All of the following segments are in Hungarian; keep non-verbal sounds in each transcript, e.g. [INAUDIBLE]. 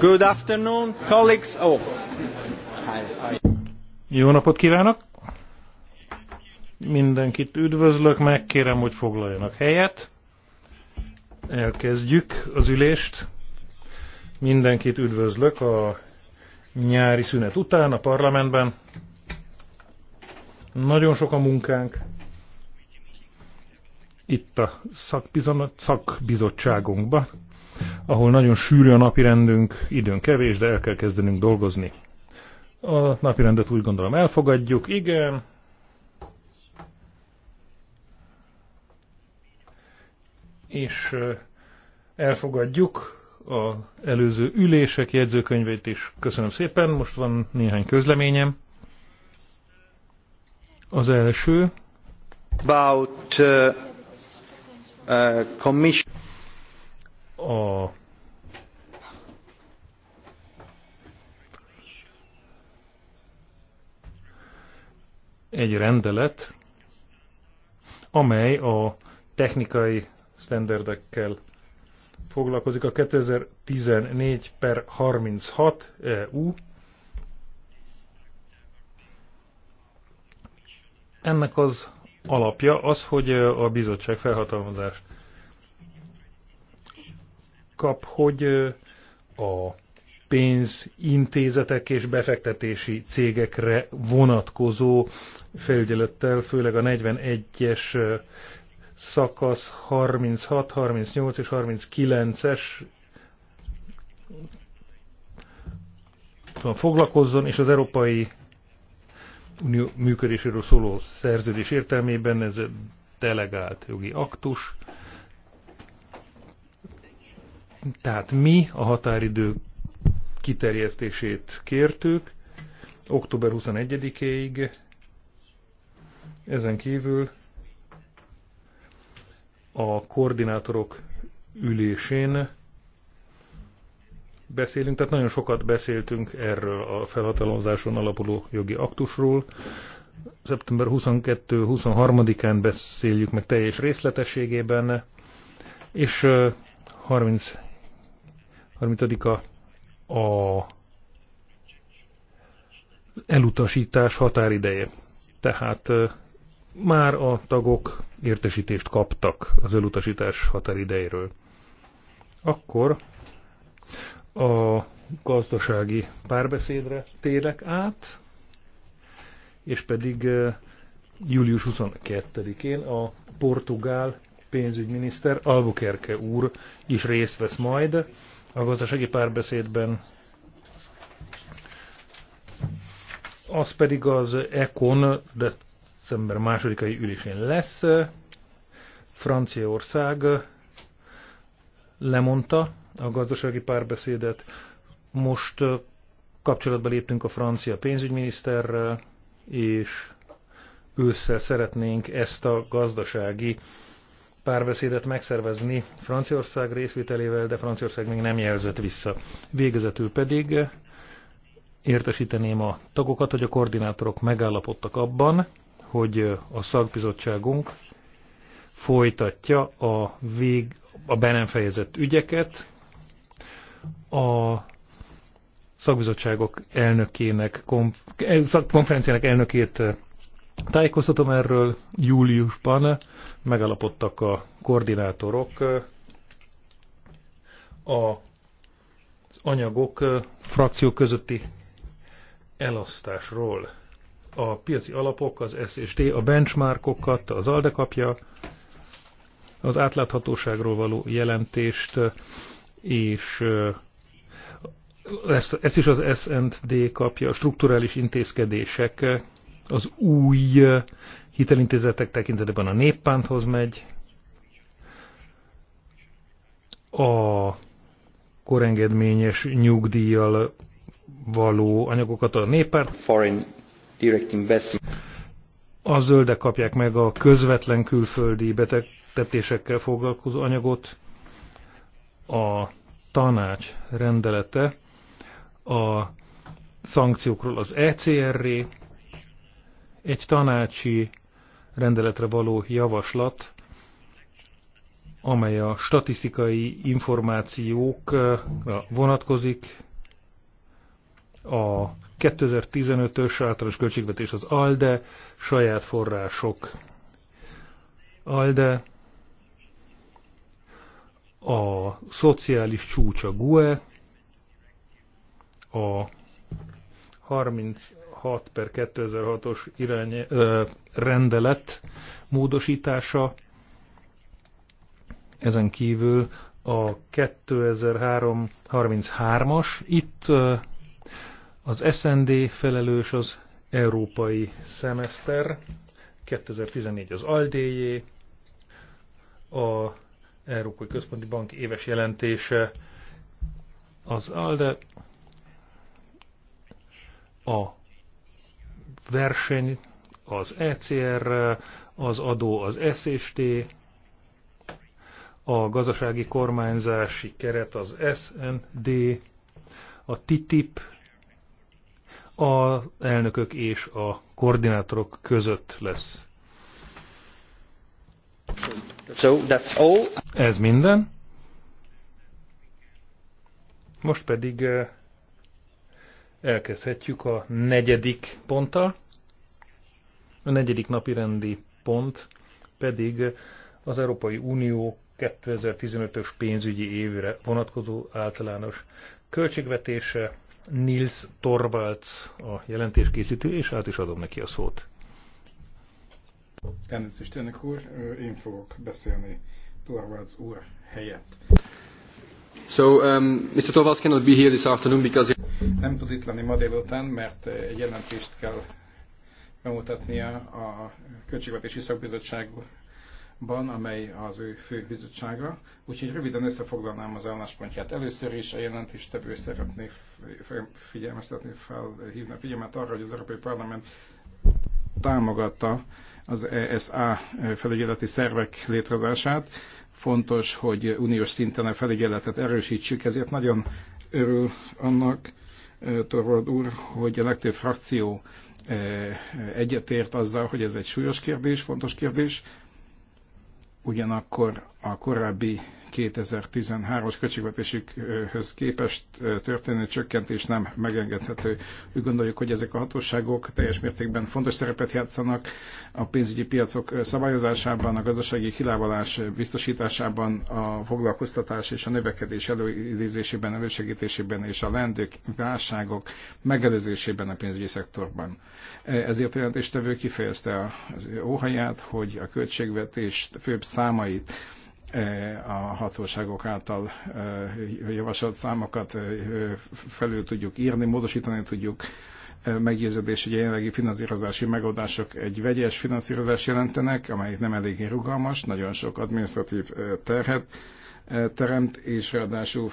Good afternoon, colleagues. Oh. Jó napot kívánok! Mindenkit üdvözlök, megkérem, hogy foglaljanak helyet. Elkezdjük az ülést. Mindenkit üdvözlök a nyári szünet után a parlamentben. Nagyon sok a munkánk. Itt a szakbizottságunkban ahol nagyon sűrű a napirendünk, időn kevés, de el kell kezdenünk dolgozni. A napirendet úgy gondolom elfogadjuk, igen. És elfogadjuk az előző ülések jegyzőkönyvét is. Köszönöm szépen, most van néhány közleményem. Az első. About uh, uh, commission. A egy rendelet, amely a technikai standardekkel foglalkozik a 2014 per 36 EU. Ennek az alapja az, hogy a bizottság felhatalmazást kap, hogy a pénzintézetek és befektetési cégekre vonatkozó felügyelettel, főleg a 41-es szakasz 36, 38 és 39-es foglalkozzon, és az Európai Unió működéséről szóló szerződés értelmében ez delegált jogi aktus. Tehát mi a határidő kiterjesztését kértük, október 21 éig Ezen kívül a koordinátorok ülésén beszélünk, tehát nagyon sokat beszéltünk erről a felhatalmazáson alapuló jogi aktusról. Szeptember 22-23-án beszéljük meg teljes részletességében, és 30 30 a elutasítás határideje. Tehát már a tagok értesítést kaptak az elutasítás határidejéről. Akkor a gazdasági párbeszédre térek át, és pedig július 22-én a portugál pénzügyminiszter Albuquerque úr is részt vesz majd a gazdasági párbeszédben. Az pedig az ECON december másodikai ülésén lesz. Franciaország lemondta a gazdasági párbeszédet. Most kapcsolatba léptünk a francia pénzügyminiszterrel, és ősszel szeretnénk ezt a gazdasági párbeszédet megszervezni Franciaország részvételével, de Franciaország még nem jelzett vissza. Végezetül pedig értesíteném a tagokat, hogy a koordinátorok megállapodtak abban, hogy a szakbizottságunk folytatja a, vég, a be nem fejezett ügyeket, a szakbizottságok elnökének, konf, eh, konferenciának elnökét Tájékoztatom erről júliusban, megalapodtak a koordinátorok a anyagok frakció közötti elosztásról. A piaci alapok, az SST, a benchmarkokat, az ALDE kapja, az átláthatóságról való jelentést, és ezt, ezt is az S&D kapja, a strukturális intézkedések az új hitelintézetek tekintetében a néppánthoz megy, a korengedményes nyugdíjjal való anyagokat a néppárt. Foreign direct investment. A zöldek kapják meg a közvetlen külföldi betetésekkel foglalkozó anyagot. A tanács rendelete a szankciókról az ECR-ré, egy tanácsi rendeletre való javaslat, amely a statisztikai információkra vonatkozik. A 2015-ös általános költségvetés az ALDE, saját források ALDE, a szociális csúcs a GUE, a 30 6 per 2006-os irány, ö, rendelet módosítása, ezen kívül a 2003-33-as, itt az SND felelős az európai szemeszter, 2014 az Aldéjé, a Európai Központi Bank éves jelentése az ALDE, a verseny, az ECR, az adó az SST, a gazdasági kormányzási keret az SND, a TTIP, a elnökök és a koordinátorok között lesz. So that's all. Ez minden. Most pedig eh, elkezdhetjük a negyedik ponttal. A negyedik napi rendi pont pedig az Európai Unió 2015-ös pénzügyi évre vonatkozó általános költségvetése. Nils Torvalds a jelentéskészítő, és át is adom neki a szót. Elnézést, elnök úr, én fogok beszélni Torvalds úr helyett. So, um, Mr. Torvalds cannot be here this afternoon because... Nem tud itt lenni ma délután, mert egy jelentést kell bemutatnia a Költségvetési Szakbizottságban, amely az ő fő bizottsága. Úgyhogy röviden összefoglalnám az álláspontját. Először is a jelentéstevő szeretné figyelmeztetni, felhívni a figyelmet arra, hogy az Európai Parlament támogatta az ESA felügyeleti szervek létrehozását, Fontos, hogy uniós szinten a felügyeletet erősítsük, ezért nagyon örül annak, Torvald úr, hogy a legtöbb frakció egyetért azzal, hogy ez egy súlyos kérdés, fontos kérdés. Ugyanakkor a korábbi 2013-as költségvetésükhöz képest történő csökkentés nem megengedhető. Úgy gondoljuk, hogy ezek a hatóságok teljes mértékben fontos szerepet játszanak a pénzügyi piacok szabályozásában, a gazdasági kilávalás biztosításában, a foglalkoztatás és a növekedés előidézésében, elősegítésében és a lendők válságok megelőzésében a pénzügyi szektorban. E, ezért jelentéstevő kifejezte az óhaját, hogy a költségvetés főbb számait a hatóságok által javasolt számokat felül tudjuk írni, módosítani tudjuk. Meggyőződés, hogy a jelenlegi finanszírozási megoldások egy vegyes finanszírozás jelentenek, amelyik nem eléggé rugalmas, nagyon sok administratív terhet teremt, és ráadásul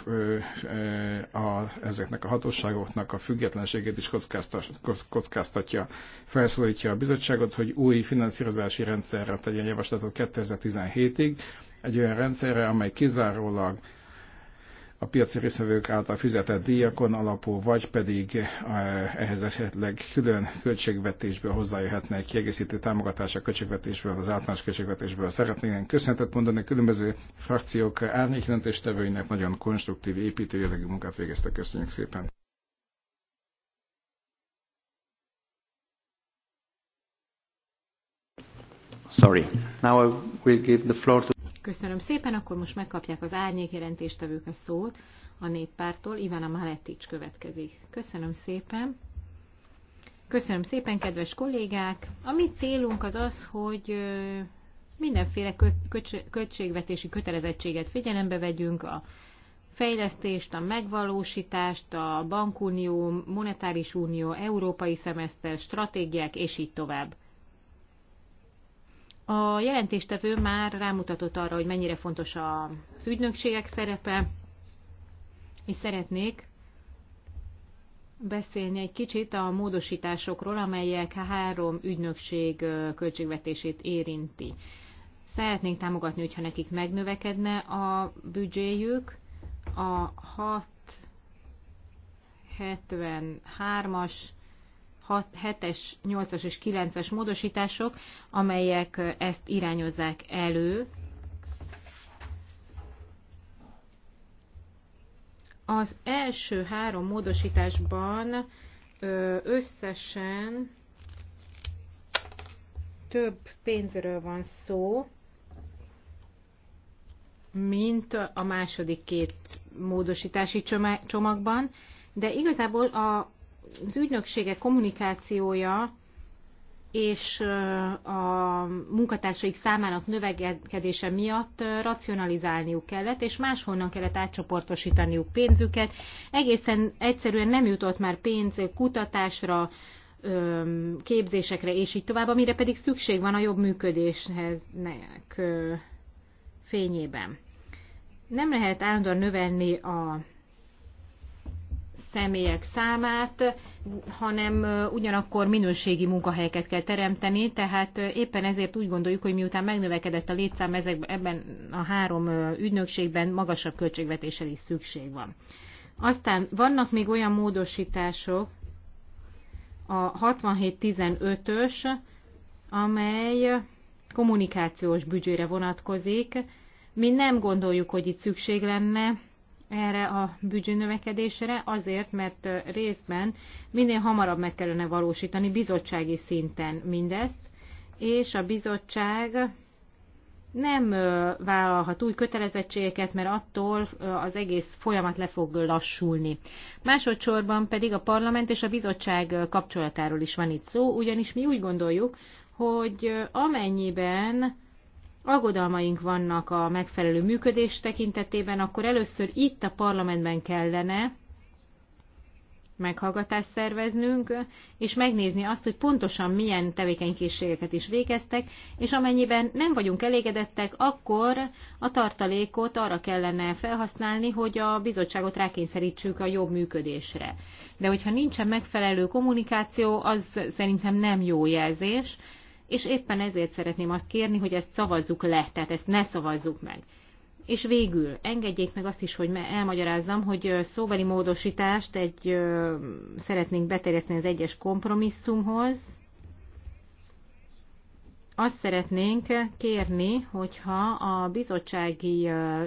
a, ezeknek a hatóságoknak a függetlenségét is kockáztatja. Felszólítja a bizottságot, hogy új finanszírozási rendszerre tegyen javaslatot 2017-ig, egy olyan rendszerre, amely kizárólag a piaci részvevők által fizetett díjakon alapul, vagy pedig eh, ehhez esetleg külön költségvetésből egy kiegészítő a költségvetésből, az általános költségvetésből. Szeretnénk köszönetet mondani a különböző frakciók árnyékjelentéstevőinek nagyon konstruktív építő jellegű munkát végeztek. Köszönjük szépen! Sorry. Now I will give the floor to Köszönöm szépen, akkor most megkapják az árnyék jelentéstevők a szót a néppártól. Ivana Maletics következik. Köszönöm szépen. Köszönöm szépen, kedves kollégák! A mi célunk az az, hogy mindenféle költségvetési kötelezettséget figyelembe vegyünk, a fejlesztést, a megvalósítást, a bankunió, monetáris unió, európai szemeszter, stratégiák, és így tovább. A jelentéstevő már rámutatott arra, hogy mennyire fontos az ügynökségek szerepe, és szeretnék beszélni egy kicsit a módosításokról, amelyek három ügynökség költségvetését érinti. Szeretnénk támogatni, hogyha nekik megnövekedne a büdzséjük. A 673-as 6, 7-es, 8-as és 9-es módosítások, amelyek ezt irányozzák elő. Az első három módosításban összesen több pénzről van szó, mint a második két módosítási csomagban, de igazából a az ügynöksége kommunikációja és a munkatársaik számának növekedése miatt racionalizálniuk kellett, és máshonnan kellett átcsoportosítaniuk pénzüket. Egészen egyszerűen nem jutott már pénz kutatásra, képzésekre, és így tovább, amire pedig szükség van a jobb működéshez fényében. Nem lehet állandóan növelni a személyek számát, hanem ugyanakkor minőségi munkahelyeket kell teremteni, tehát éppen ezért úgy gondoljuk, hogy miután megnövekedett a létszám ezekben, ebben a három ügynökségben magasabb költségvetésre is szükség van. Aztán vannak még olyan módosítások, a 6715-ös, amely kommunikációs büdzsére vonatkozik. Mi nem gondoljuk, hogy itt szükség lenne erre a növekedésre, azért, mert részben minél hamarabb meg kellene valósítani bizottsági szinten mindezt, és a bizottság nem vállalhat új kötelezettségeket, mert attól az egész folyamat le fog lassulni. Másodszorban pedig a parlament és a bizottság kapcsolatáról is van itt szó, ugyanis mi úgy gondoljuk, hogy amennyiben aggodalmaink vannak a megfelelő működés tekintetében, akkor először itt a parlamentben kellene meghallgatást szerveznünk, és megnézni azt, hogy pontosan milyen tevékenykészségeket is végeztek, és amennyiben nem vagyunk elégedettek, akkor a tartalékot arra kellene felhasználni, hogy a bizottságot rákényszerítsük a jobb működésre. De hogyha nincsen megfelelő kommunikáció, az szerintem nem jó jelzés, és éppen ezért szeretném azt kérni, hogy ezt szavazzuk le, tehát ezt ne szavazzuk meg. És végül engedjék meg azt is, hogy elmagyarázzam, hogy szóbeli módosítást egy, szeretnénk beterjeszteni az egyes kompromisszumhoz. Azt szeretnénk kérni, hogyha a bizottsági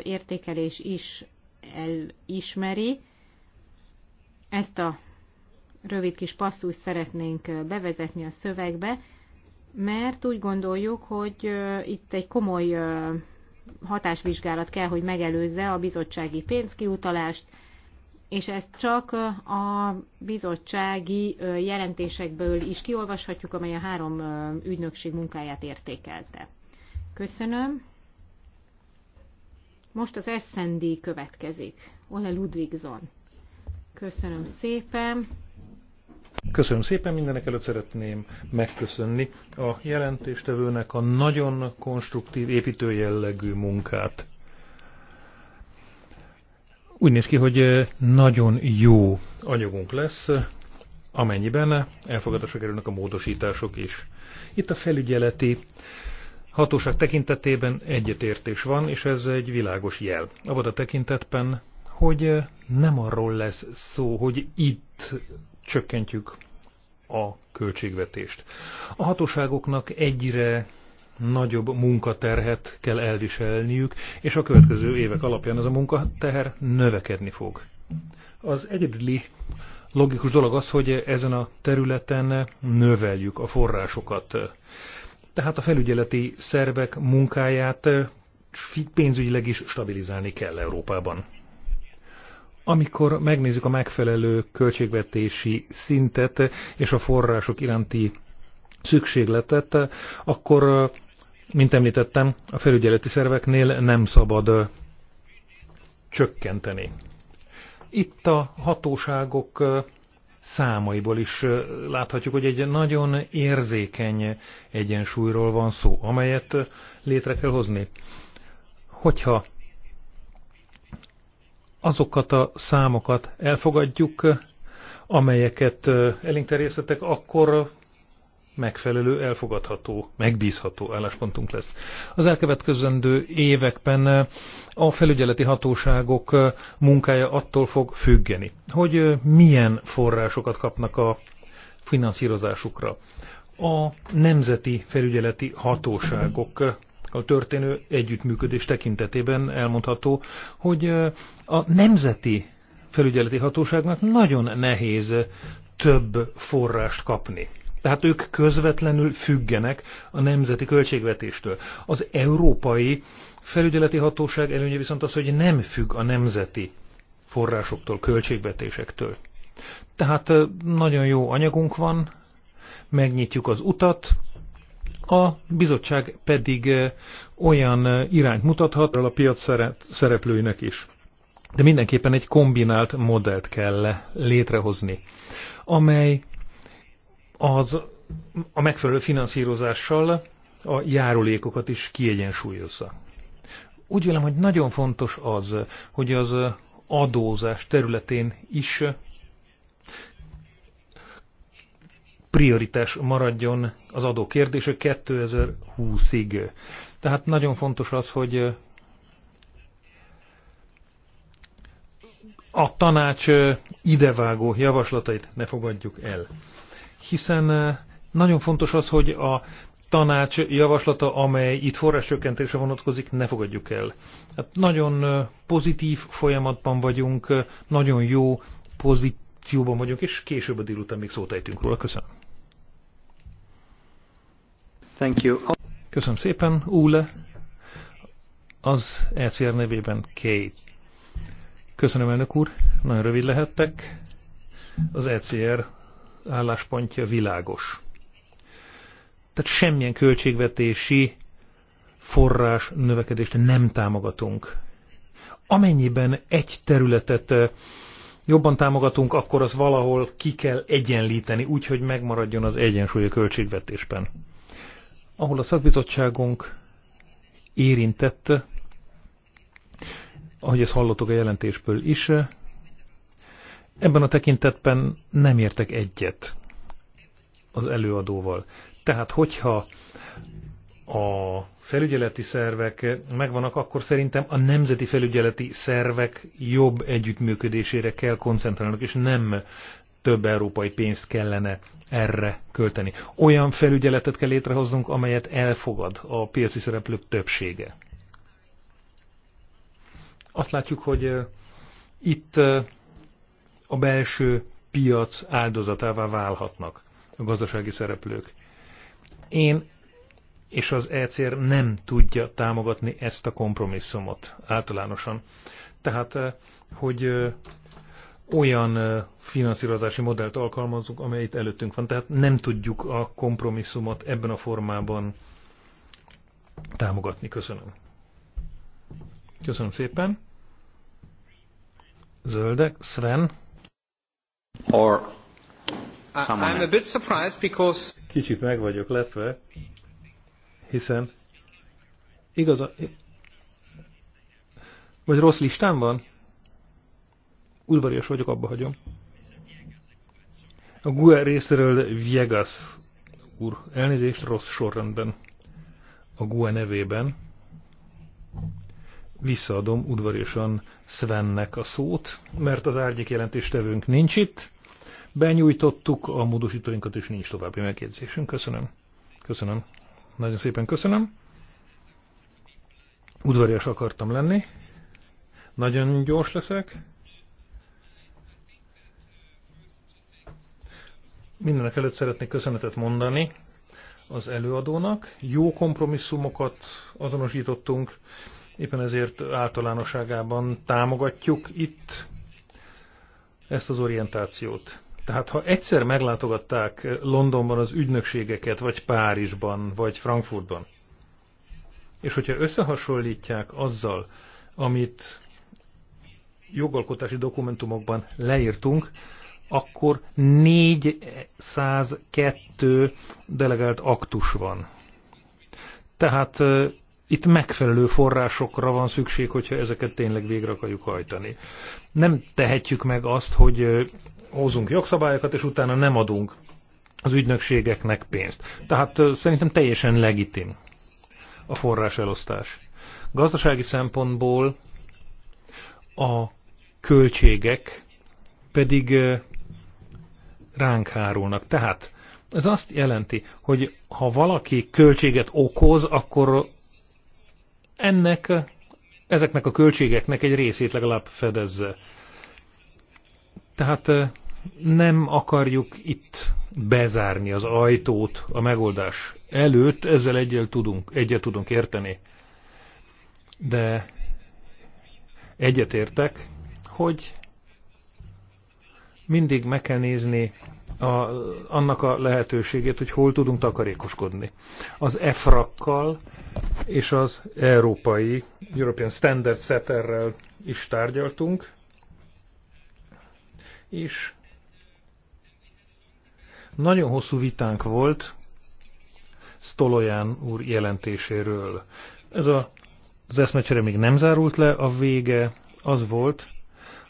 értékelés is elismeri, ezt a rövid kis passzust szeretnénk bevezetni a szövegbe, mert úgy gondoljuk, hogy itt egy komoly hatásvizsgálat kell, hogy megelőzze a bizottsági pénzkiutalást, és ezt csak a bizottsági jelentésekből is kiolvashatjuk, amely a három ügynökség munkáját értékelte. Köszönöm. Most az SND következik. Ole Ludvigson. Köszönöm szépen. Köszönöm szépen, mindenek előtt szeretném megköszönni a jelentéstevőnek a nagyon konstruktív, jellegű munkát. Úgy néz ki, hogy nagyon jó anyagunk lesz, amennyiben elfogadásra kerülnek a módosítások is. Itt a felügyeleti hatóság tekintetében egyetértés van, és ez egy világos jel. Abban a tekintetben, hogy nem arról lesz szó, hogy itt csökkentjük a költségvetést. A hatóságoknak egyre nagyobb munkaterhet kell elviselniük, és a következő évek alapján ez a munkateher növekedni fog. Az egyedüli logikus dolog az, hogy ezen a területen növeljük a forrásokat. Tehát a felügyeleti szervek munkáját pénzügyileg is stabilizálni kell Európában amikor megnézzük a megfelelő költségvetési szintet és a források iránti szükségletet, akkor, mint említettem, a felügyeleti szerveknél nem szabad csökkenteni. Itt a hatóságok számaiból is láthatjuk, hogy egy nagyon érzékeny egyensúlyról van szó, amelyet létre kell hozni. Hogyha azokat a számokat elfogadjuk, amelyeket elénk akkor megfelelő, elfogadható, megbízható álláspontunk lesz. Az elkövetkezendő években a felügyeleti hatóságok munkája attól fog függeni, hogy milyen forrásokat kapnak a finanszírozásukra. A nemzeti felügyeleti hatóságok történő együttműködés tekintetében elmondható, hogy a nemzeti felügyeleti hatóságnak nagyon nehéz több forrást kapni. Tehát ők közvetlenül függenek a nemzeti költségvetéstől. Az európai felügyeleti hatóság előnye viszont az, hogy nem függ a nemzeti forrásoktól, költségvetésektől. Tehát nagyon jó anyagunk van, megnyitjuk az utat, a bizottság pedig olyan irányt mutathat a piac szereplőinek is. De mindenképpen egy kombinált modellt kell létrehozni, amely az, a megfelelő finanszírozással a járulékokat is kiegyensúlyozza. Úgy vélem, hogy nagyon fontos az, hogy az adózás területén is prioritás maradjon az adó kérdése 2020-ig. Tehát nagyon fontos az, hogy a tanács idevágó javaslatait ne fogadjuk el. Hiszen nagyon fontos az, hogy a tanács javaslata, amely itt forráscsökkentésre vonatkozik, ne fogadjuk el. Hát nagyon pozitív folyamatban vagyunk, nagyon jó, pozitív akcióban vagyunk, és később a délután még szót ejtünk róla. Köszönöm. Thank you. Köszönöm szépen, Úle. Az ECR nevében Kate. Köszönöm, elnök úr. Nagyon rövid lehettek. Az ECR álláspontja világos. Tehát semmilyen költségvetési forrás növekedést nem támogatunk. Amennyiben egy területet jobban támogatunk, akkor az valahol ki kell egyenlíteni, úgy, hogy megmaradjon az egyensúly a költségvetésben. Ahol a szakbizottságunk érintett, ahogy ezt hallottuk a jelentésből is, ebben a tekintetben nem értek egyet az előadóval. Tehát, hogyha a felügyeleti szervek megvannak, akkor szerintem a nemzeti felügyeleti szervek jobb együttműködésére kell koncentrálnunk, és nem több európai pénzt kellene erre költeni. Olyan felügyeletet kell létrehoznunk, amelyet elfogad a piaci szereplők többsége. Azt látjuk, hogy itt a belső piac áldozatává válhatnak a gazdasági szereplők. Én és az ECR nem tudja támogatni ezt a kompromisszumot általánosan. Tehát, eh, hogy eh, olyan eh, finanszírozási modellt alkalmazunk, amely itt előttünk van. Tehát nem tudjuk a kompromisszumot ebben a formában támogatni. Köszönöm. Köszönöm szépen. Zöldek, Sven. Or I'm a bit surprised because... Kicsit meg vagyok lepve, hiszen igaz, vagy rossz listán van? Udvarias vagyok, abba hagyom. A GUE részéről Viegas úr, elnézést rossz sorrendben. A GUE nevében visszaadom udvariasan Svennek a szót, mert az árnyék jelentéstevőnk nincs itt. Benyújtottuk a módosítóinkat, és nincs további megjegyzésünk. Köszönöm. Köszönöm. Nagyon szépen köszönöm. Udvarias akartam lenni. Nagyon gyors leszek. Mindenek előtt szeretnék köszönetet mondani az előadónak. Jó kompromisszumokat azonosítottunk, éppen ezért általánosságában támogatjuk itt ezt az orientációt. Tehát ha egyszer meglátogatták Londonban az ügynökségeket, vagy Párizsban, vagy Frankfurtban, és hogyha összehasonlítják azzal, amit jogalkotási dokumentumokban leírtunk, akkor 402 delegált aktus van. Tehát uh, itt megfelelő forrásokra van szükség, hogyha ezeket tényleg végre akarjuk hajtani. Nem tehetjük meg azt, hogy uh, hozunk jogszabályokat, és utána nem adunk az ügynökségeknek pénzt. Tehát szerintem teljesen legitim a forráselosztás. Gazdasági szempontból a költségek pedig ránk hárulnak. Tehát ez azt jelenti, hogy ha valaki költséget okoz, akkor ennek, ezeknek a költségeknek egy részét legalább fedezze. Tehát nem akarjuk itt bezárni az ajtót a megoldás előtt, ezzel egyet tudunk, egyet tudunk érteni. De egyetértek, hogy mindig meg kell nézni a, annak a lehetőségét, hogy hol tudunk takarékoskodni. Az EFRAK-kal és az európai European Standard Setterrel is tárgyaltunk, és nagyon hosszú vitánk volt Stolojan úr jelentéséről. Ez a, az eszmecsere még nem zárult le, a vége az volt,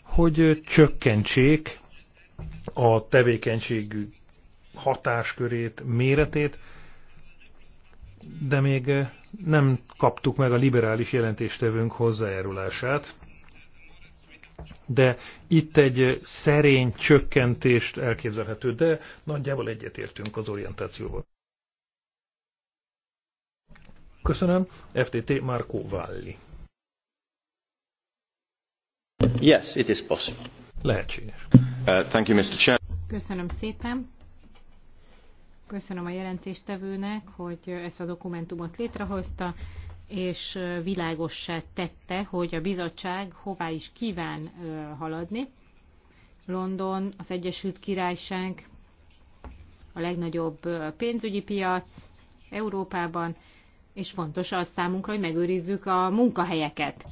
hogy csökkentsék a tevékenységű hatáskörét, méretét, de még nem kaptuk meg a liberális jelentéstevőnk hozzájárulását de itt egy szerény csökkentést elképzelhető, de nagyjából egyetértünk az orientációval. Köszönöm. FTT Marco Valli. Yes, it is possible. Lehetséges. Uh, thank you, Mr. Chair. Köszönöm szépen. Köszönöm a jelentéstevőnek, hogy ezt a dokumentumot létrehozta és világossá tette, hogy a bizottság hová is kíván haladni. London, az Egyesült Királyság, a legnagyobb pénzügyi piac Európában, és fontos az számunkra, hogy megőrizzük a munkahelyeket.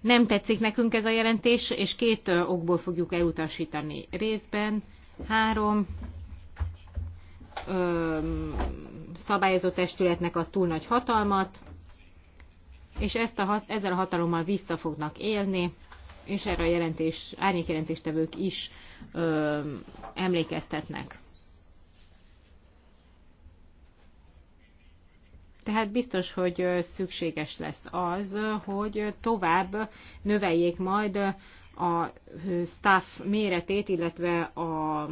Nem tetszik nekünk ez a jelentés, és két okból fogjuk elutasítani részben. Három ö, szabályozó testületnek a túl nagy hatalmat, és ezt a, ezzel a hatalommal vissza fognak élni, és erre a jelentés, árnyékjelentéstevők is ö, emlékeztetnek. Tehát biztos, hogy szükséges lesz az, hogy tovább növeljék majd a staff méretét, illetve a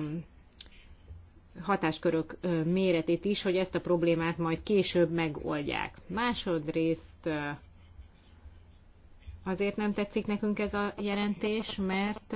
hatáskörök méretét is, hogy ezt a problémát majd később megoldják. Másodrészt Azért nem tetszik nekünk ez a jelentés, mert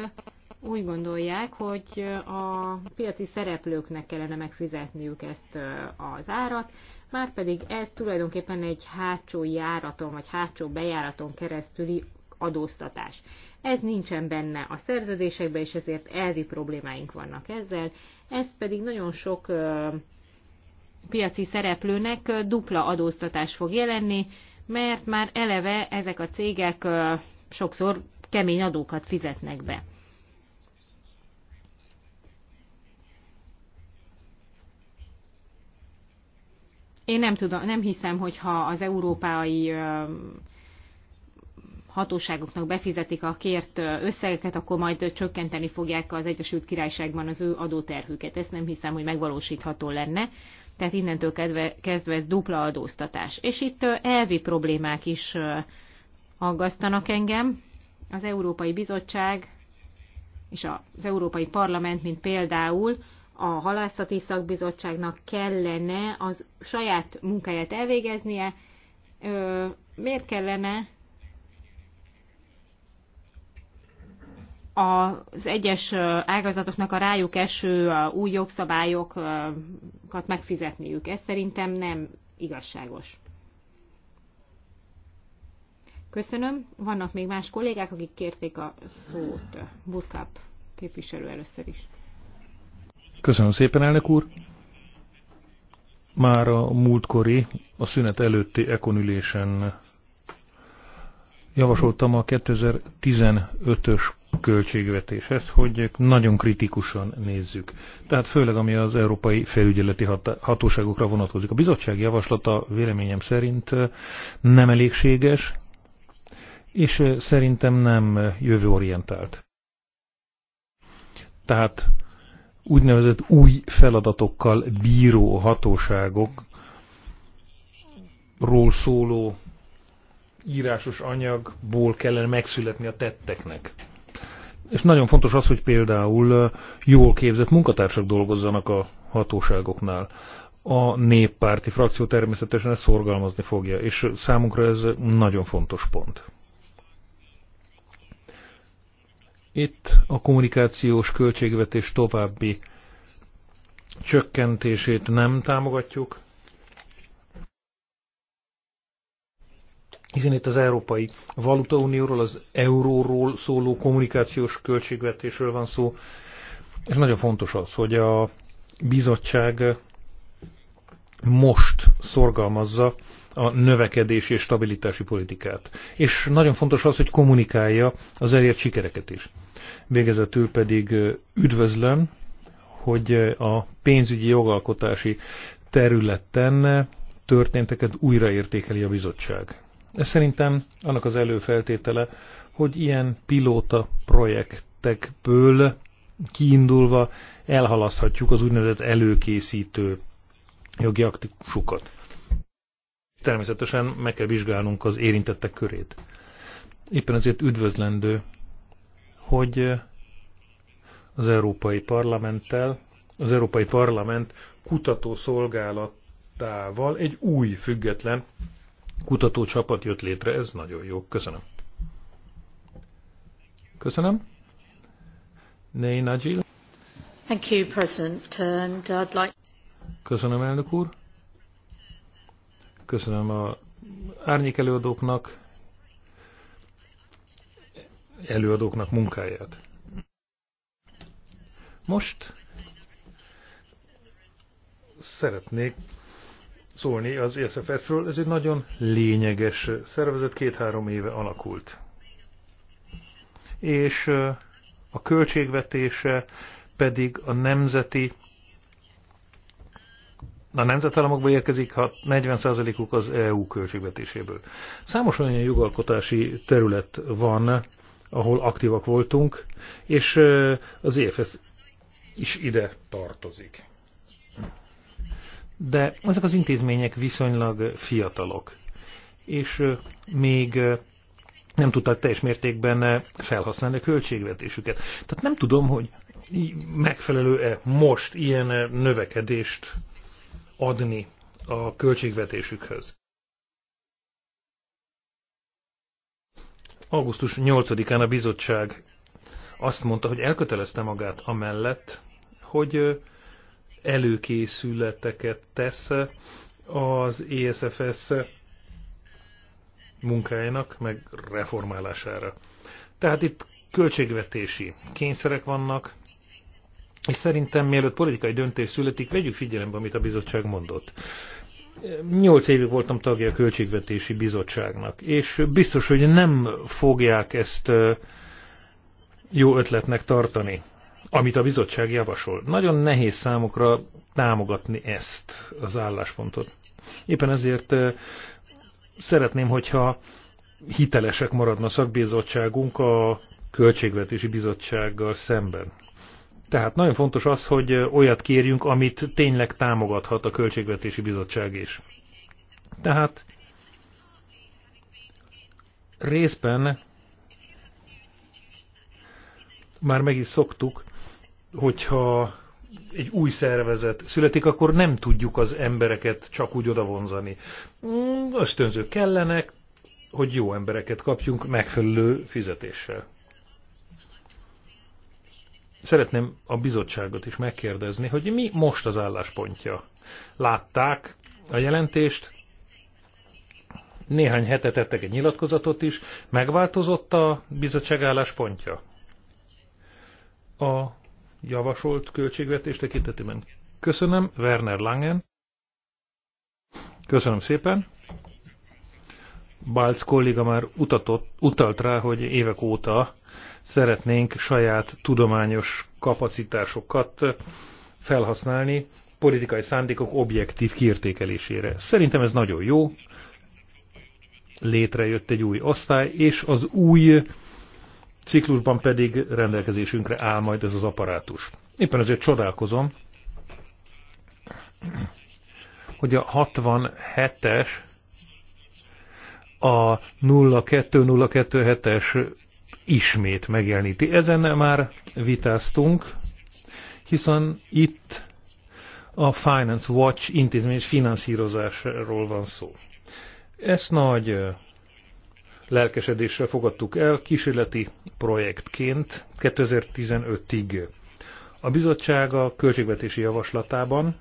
úgy gondolják, hogy a piaci szereplőknek kellene megfizetniük ezt az árat, már pedig ez tulajdonképpen egy hátsó járaton vagy hátsó bejáraton keresztüli adóztatás. Ez nincsen benne a szerződésekben, és ezért elvi problémáink vannak ezzel. Ez pedig nagyon sok piaci szereplőnek dupla adóztatás fog jelenni, mert már eleve ezek a cégek sokszor kemény adókat fizetnek be. Én nem, tudom, nem hiszem, hogyha az európai hatóságoknak befizetik a kért összegeket, akkor majd csökkenteni fogják az Egyesült Királyságban az ő adóterhüket. Ezt nem hiszem, hogy megvalósítható lenne tehát innentől kedve, kezdve ez dupla adóztatás. És itt elvi problémák is aggasztanak engem. Az Európai Bizottság és az Európai Parlament, mint például a Halászati Szakbizottságnak kellene az saját munkáját elvégeznie. Miért kellene az egyes ágazatoknak a rájuk eső új jogszabályokat megfizetniük. Ez szerintem nem igazságos. Köszönöm. Vannak még más kollégák, akik kérték a szót. burkap képviselő először is. Köszönöm szépen, elnök úr. Már a múltkori, a szünet előtti ekonülésen javasoltam a 2015-ös költségvetéshez, hogy nagyon kritikusan nézzük. Tehát főleg ami az európai felügyeleti hatóságokra vonatkozik. A bizottság javaslata véleményem szerint nem elégséges, és szerintem nem jövőorientált. Tehát úgynevezett új feladatokkal bíró hatóságokról szóló írásos anyagból kellene megszületni a tetteknek. És nagyon fontos az, hogy például jól képzett munkatársak dolgozzanak a hatóságoknál. A néppárti frakció természetesen ezt szorgalmazni fogja, és számunkra ez nagyon fontos pont. Itt a kommunikációs költségvetés további csökkentését nem támogatjuk, hiszen itt az Európai Valutaunióról, az euróról szóló kommunikációs költségvetésről van szó, és nagyon fontos az, hogy a bizottság most szorgalmazza a növekedési és stabilitási politikát. És nagyon fontos az, hogy kommunikálja az elért sikereket is. Végezetül pedig üdvözlöm, hogy a pénzügyi jogalkotási területen történteket újraértékeli a bizottság. Ez szerintem annak az előfeltétele, hogy ilyen pilóta projektekből kiindulva elhalaszthatjuk az úgynevezett előkészítő jogi aktusokat. Természetesen meg kell vizsgálnunk az érintettek körét. Éppen ezért üdvözlendő, hogy az Európai Parlamenttel, az Európai Parlament kutatószolgálatával egy új független kutatócsapat jött létre, ez nagyon jó. Köszönöm. Köszönöm. Ney Nagyil. Thank you, President, and uh, I'd like... Köszönöm, elnök úr. Köszönöm a árnyék előadóknak, előadóknak munkáját. Most szeretnék szólni az isfs ről Ez egy nagyon lényeges szervezet, két-három éve alakult. És a költségvetése pedig a nemzeti a nemzetállamokba érkezik, ha 40%-uk az EU költségvetéséből. Számos olyan jogalkotási terület van, ahol aktívak voltunk, és az EFS is ide tartozik de ezek az intézmények viszonylag fiatalok, és még nem tudták teljes mértékben felhasználni a költségvetésüket. Tehát nem tudom, hogy megfelelő-e most ilyen növekedést adni a költségvetésükhöz. Augusztus 8-án a bizottság azt mondta, hogy elkötelezte magát amellett, hogy előkészületeket tesz az ESFS munkájának, meg reformálására. Tehát itt költségvetési kényszerek vannak, és szerintem mielőtt politikai döntés születik, vegyük figyelembe, amit a bizottság mondott. Nyolc évig voltam tagja a Költségvetési Bizottságnak, és biztos, hogy nem fogják ezt jó ötletnek tartani amit a bizottság javasol. Nagyon nehéz számokra támogatni ezt az álláspontot. Éppen ezért eh, szeretném, hogyha hitelesek maradna a szakbizottságunk a költségvetési bizottsággal szemben. Tehát nagyon fontos az, hogy eh, olyat kérjünk, amit tényleg támogathat a költségvetési bizottság is. Tehát részben már meg is szoktuk, hogyha egy új szervezet születik, akkor nem tudjuk az embereket csak úgy odavonzani. Mm, ösztönzők kellenek, hogy jó embereket kapjunk megfelelő fizetéssel. Szeretném a bizottságot is megkérdezni, hogy mi most az álláspontja. Látták a jelentést, néhány hetet tettek egy nyilatkozatot is, megváltozott a bizottság álláspontja? A javasolt költségvetés tekintetében. Köszönöm, Werner Langen. Köszönöm szépen. Balc kolléga már utatott, utalt rá, hogy évek óta szeretnénk saját tudományos kapacitásokat felhasználni politikai szándékok objektív kiértékelésére. Szerintem ez nagyon jó. Létrejött egy új osztály, és az új ciklusban pedig rendelkezésünkre áll majd ez az apparátus. Éppen ezért csodálkozom, hogy a 67-es, a 02027-es ismét megjeleníti. Ezen már vitáztunk, hiszen itt a Finance Watch intézményes finanszírozásról van szó. Ez nagy lelkesedéssel fogadtuk el kísérleti projektként 2015-ig. A bizottság a költségvetési javaslatában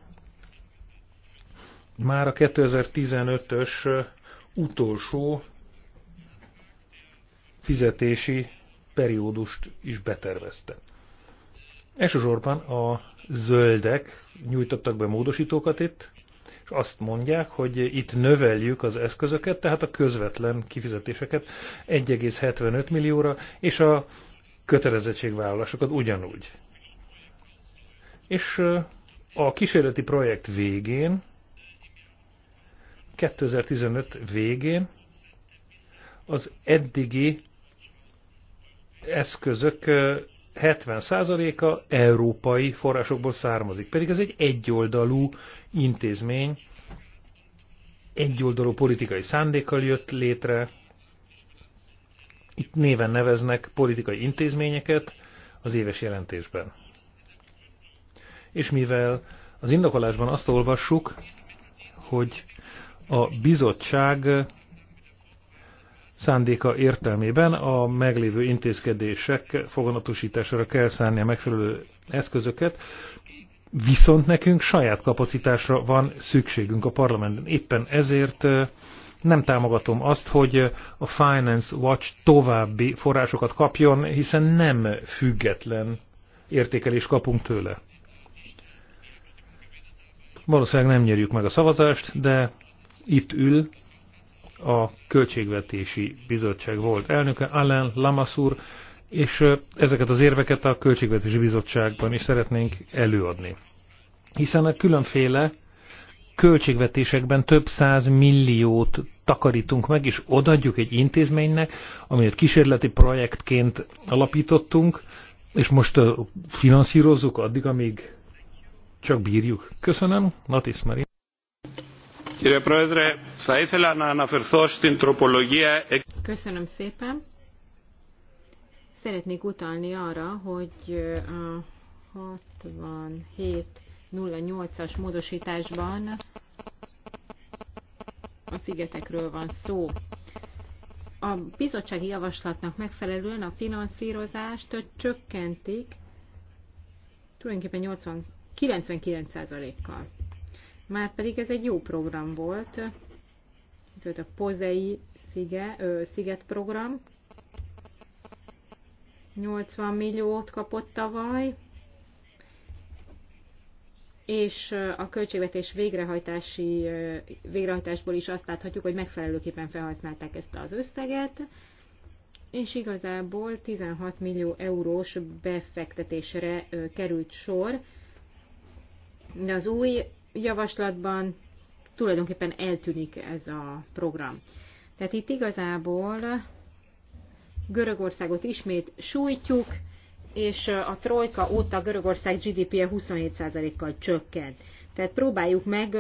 már a 2015-ös utolsó fizetési periódust is betervezte. Elsősorban a zöldek nyújtottak be módosítókat itt, azt mondják, hogy itt növeljük az eszközöket, tehát a közvetlen kifizetéseket 1,75 millióra, és a kötelezettségvállalásokat ugyanúgy. És a kísérleti projekt végén, 2015 végén az eddigi eszközök 70%-a európai forrásokból származik. Pedig ez egy egyoldalú intézmény, egyoldalú politikai szándékkal jött létre. Itt néven neveznek politikai intézményeket az éves jelentésben. És mivel az indokolásban azt olvassuk, hogy a bizottság szándéka értelmében a meglévő intézkedések foganatosítására kell szállni a megfelelő eszközöket, viszont nekünk saját kapacitásra van szükségünk a parlamentben. Éppen ezért nem támogatom azt, hogy a Finance Watch további forrásokat kapjon, hiszen nem független értékelést kapunk tőle. Valószínűleg nem nyerjük meg a szavazást, de itt ül a Költségvetési Bizottság volt elnöke, Alain Lamassur, és ezeket az érveket a Költségvetési Bizottságban is szeretnénk előadni. Hiszen a különféle költségvetésekben több száz milliót takarítunk meg, és odaadjuk egy intézménynek, amit kísérleti projektként alapítottunk, és most finanszírozzuk addig, amíg csak bírjuk. Köszönöm, Natis Maria. Köszönöm szépen. Szeretnék utalni arra, hogy a 6708-as módosításban a szigetekről van szó. A bizottsági javaslatnak megfelelően a finanszírozást csökkentik tulajdonképpen ninety 99%-kal. Már pedig ez egy jó program volt, itt volt a Pozei sziget, ö, sziget program, 80 milliót kapott tavaly, és a költségvetés végrehajtási, végrehajtásból is azt láthatjuk, hogy megfelelőképpen felhasználták ezt az összeget, és igazából 16 millió eurós befektetésre került sor, de az új javaslatban tulajdonképpen eltűnik ez a program. Tehát itt igazából Görögországot ismét sújtjuk, és a trojka óta Görögország GDP-je 27%-kal csökkent. Tehát próbáljuk meg,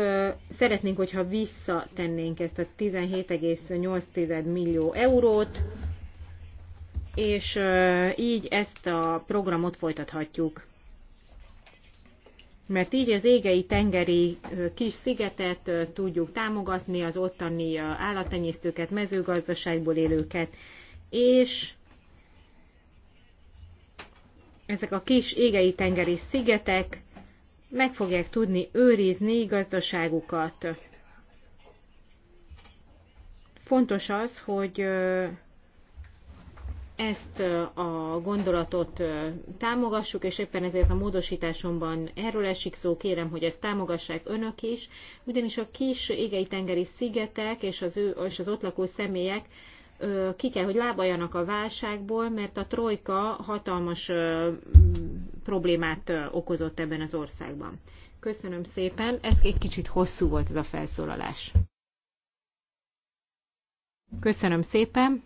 szeretnénk, hogyha visszatennénk ezt a 17,8 millió eurót, és így ezt a programot folytathatjuk mert így az égei tengeri kis szigetet tudjuk támogatni, az ottani állattenyésztőket, mezőgazdaságból élőket, és ezek a kis égei tengeri szigetek meg fogják tudni őrizni gazdaságukat. Fontos az, hogy ezt a gondolatot támogassuk, és éppen ezért a módosításomban erről esik szó, kérem, hogy ezt támogassák önök is, ugyanis a kis égei tengeri szigetek és az, ő, és az ott lakó személyek ki kell, hogy lábaljanak a válságból, mert a trojka hatalmas problémát okozott ebben az országban. Köszönöm szépen, ez egy kicsit hosszú volt ez a felszólalás. Köszönöm szépen.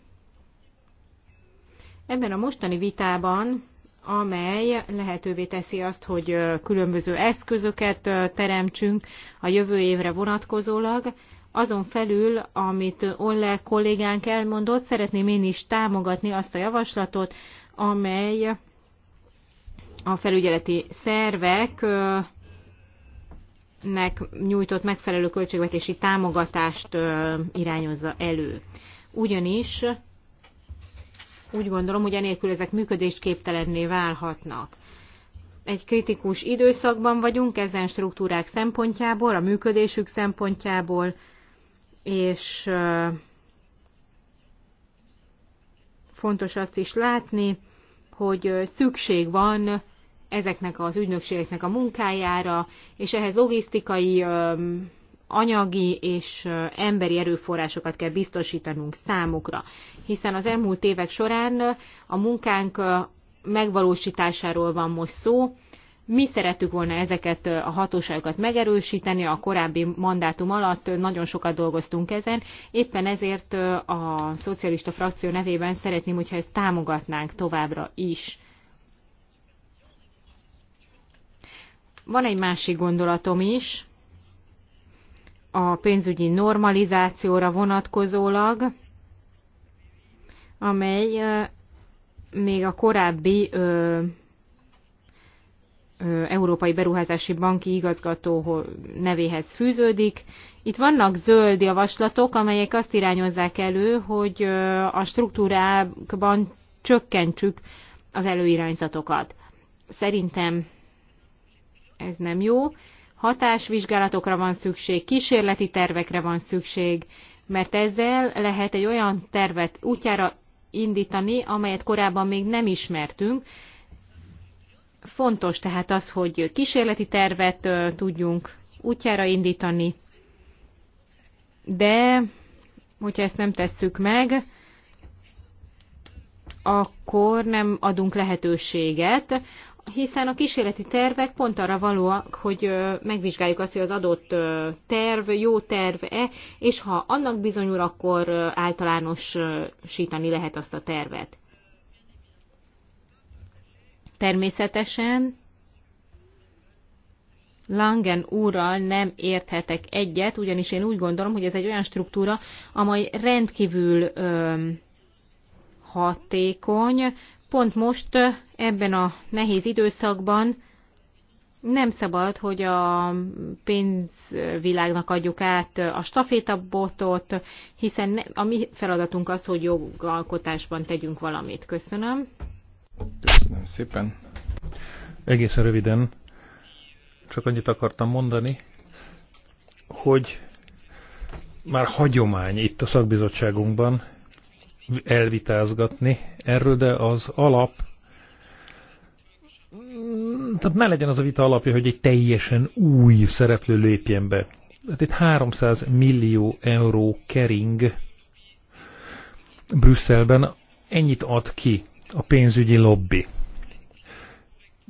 Ebben a mostani vitában, amely lehetővé teszi azt, hogy különböző eszközöket teremtsünk a jövő évre vonatkozólag, azon felül, amit Olle kollégánk elmondott, szeretném én is támogatni azt a javaslatot, amely a felügyeleti szerveknek nyújtott megfelelő költségvetési támogatást irányozza elő. Ugyanis úgy gondolom, hogy enélkül ezek működést képtelenné válhatnak. Egy kritikus időszakban vagyunk ezen struktúrák szempontjából, a működésük szempontjából, és fontos azt is látni, hogy szükség van ezeknek az ügynökségeknek a munkájára, és ehhez logisztikai anyagi és emberi erőforrásokat kell biztosítanunk számukra, hiszen az elmúlt évek során a munkánk megvalósításáról van most szó. Mi szerettük volna ezeket a hatóságokat megerősíteni, a korábbi mandátum alatt nagyon sokat dolgoztunk ezen, éppen ezért a szocialista frakció nevében szeretném, hogyha ezt támogatnánk továbbra is. Van egy másik gondolatom is, a pénzügyi normalizációra vonatkozólag, amely még a korábbi ö, ö, Európai Beruházási Banki igazgató nevéhez fűződik. Itt vannak zöld javaslatok, amelyek azt irányozzák elő, hogy a struktúrákban csökkentsük az előirányzatokat. Szerintem ez nem jó, hatásvizsgálatokra van szükség, kísérleti tervekre van szükség, mert ezzel lehet egy olyan tervet útjára indítani, amelyet korábban még nem ismertünk. Fontos tehát az, hogy kísérleti tervet tudjunk útjára indítani, de hogyha ezt nem tesszük meg, akkor nem adunk lehetőséget hiszen a kísérleti tervek pont arra valóak, hogy megvizsgáljuk azt, hogy az adott terv jó terve, és ha annak bizonyul, akkor általánosítani lehet azt a tervet. Természetesen Langen úrral nem érthetek egyet, ugyanis én úgy gondolom, hogy ez egy olyan struktúra, amely rendkívül hatékony, pont most ebben a nehéz időszakban nem szabad, hogy a pénzvilágnak adjuk át a stafétabotot, hiszen a mi feladatunk az, hogy jogalkotásban tegyünk valamit. Köszönöm. Köszönöm szépen. Egészen röviden csak annyit akartam mondani, hogy már hagyomány itt a szakbizottságunkban, elvitázgatni erről, de az alap tehát ne legyen az a vita alapja, hogy egy teljesen új szereplő lépjen be. Hát itt 300 millió euró kering Brüsszelben ennyit ad ki a pénzügyi lobby.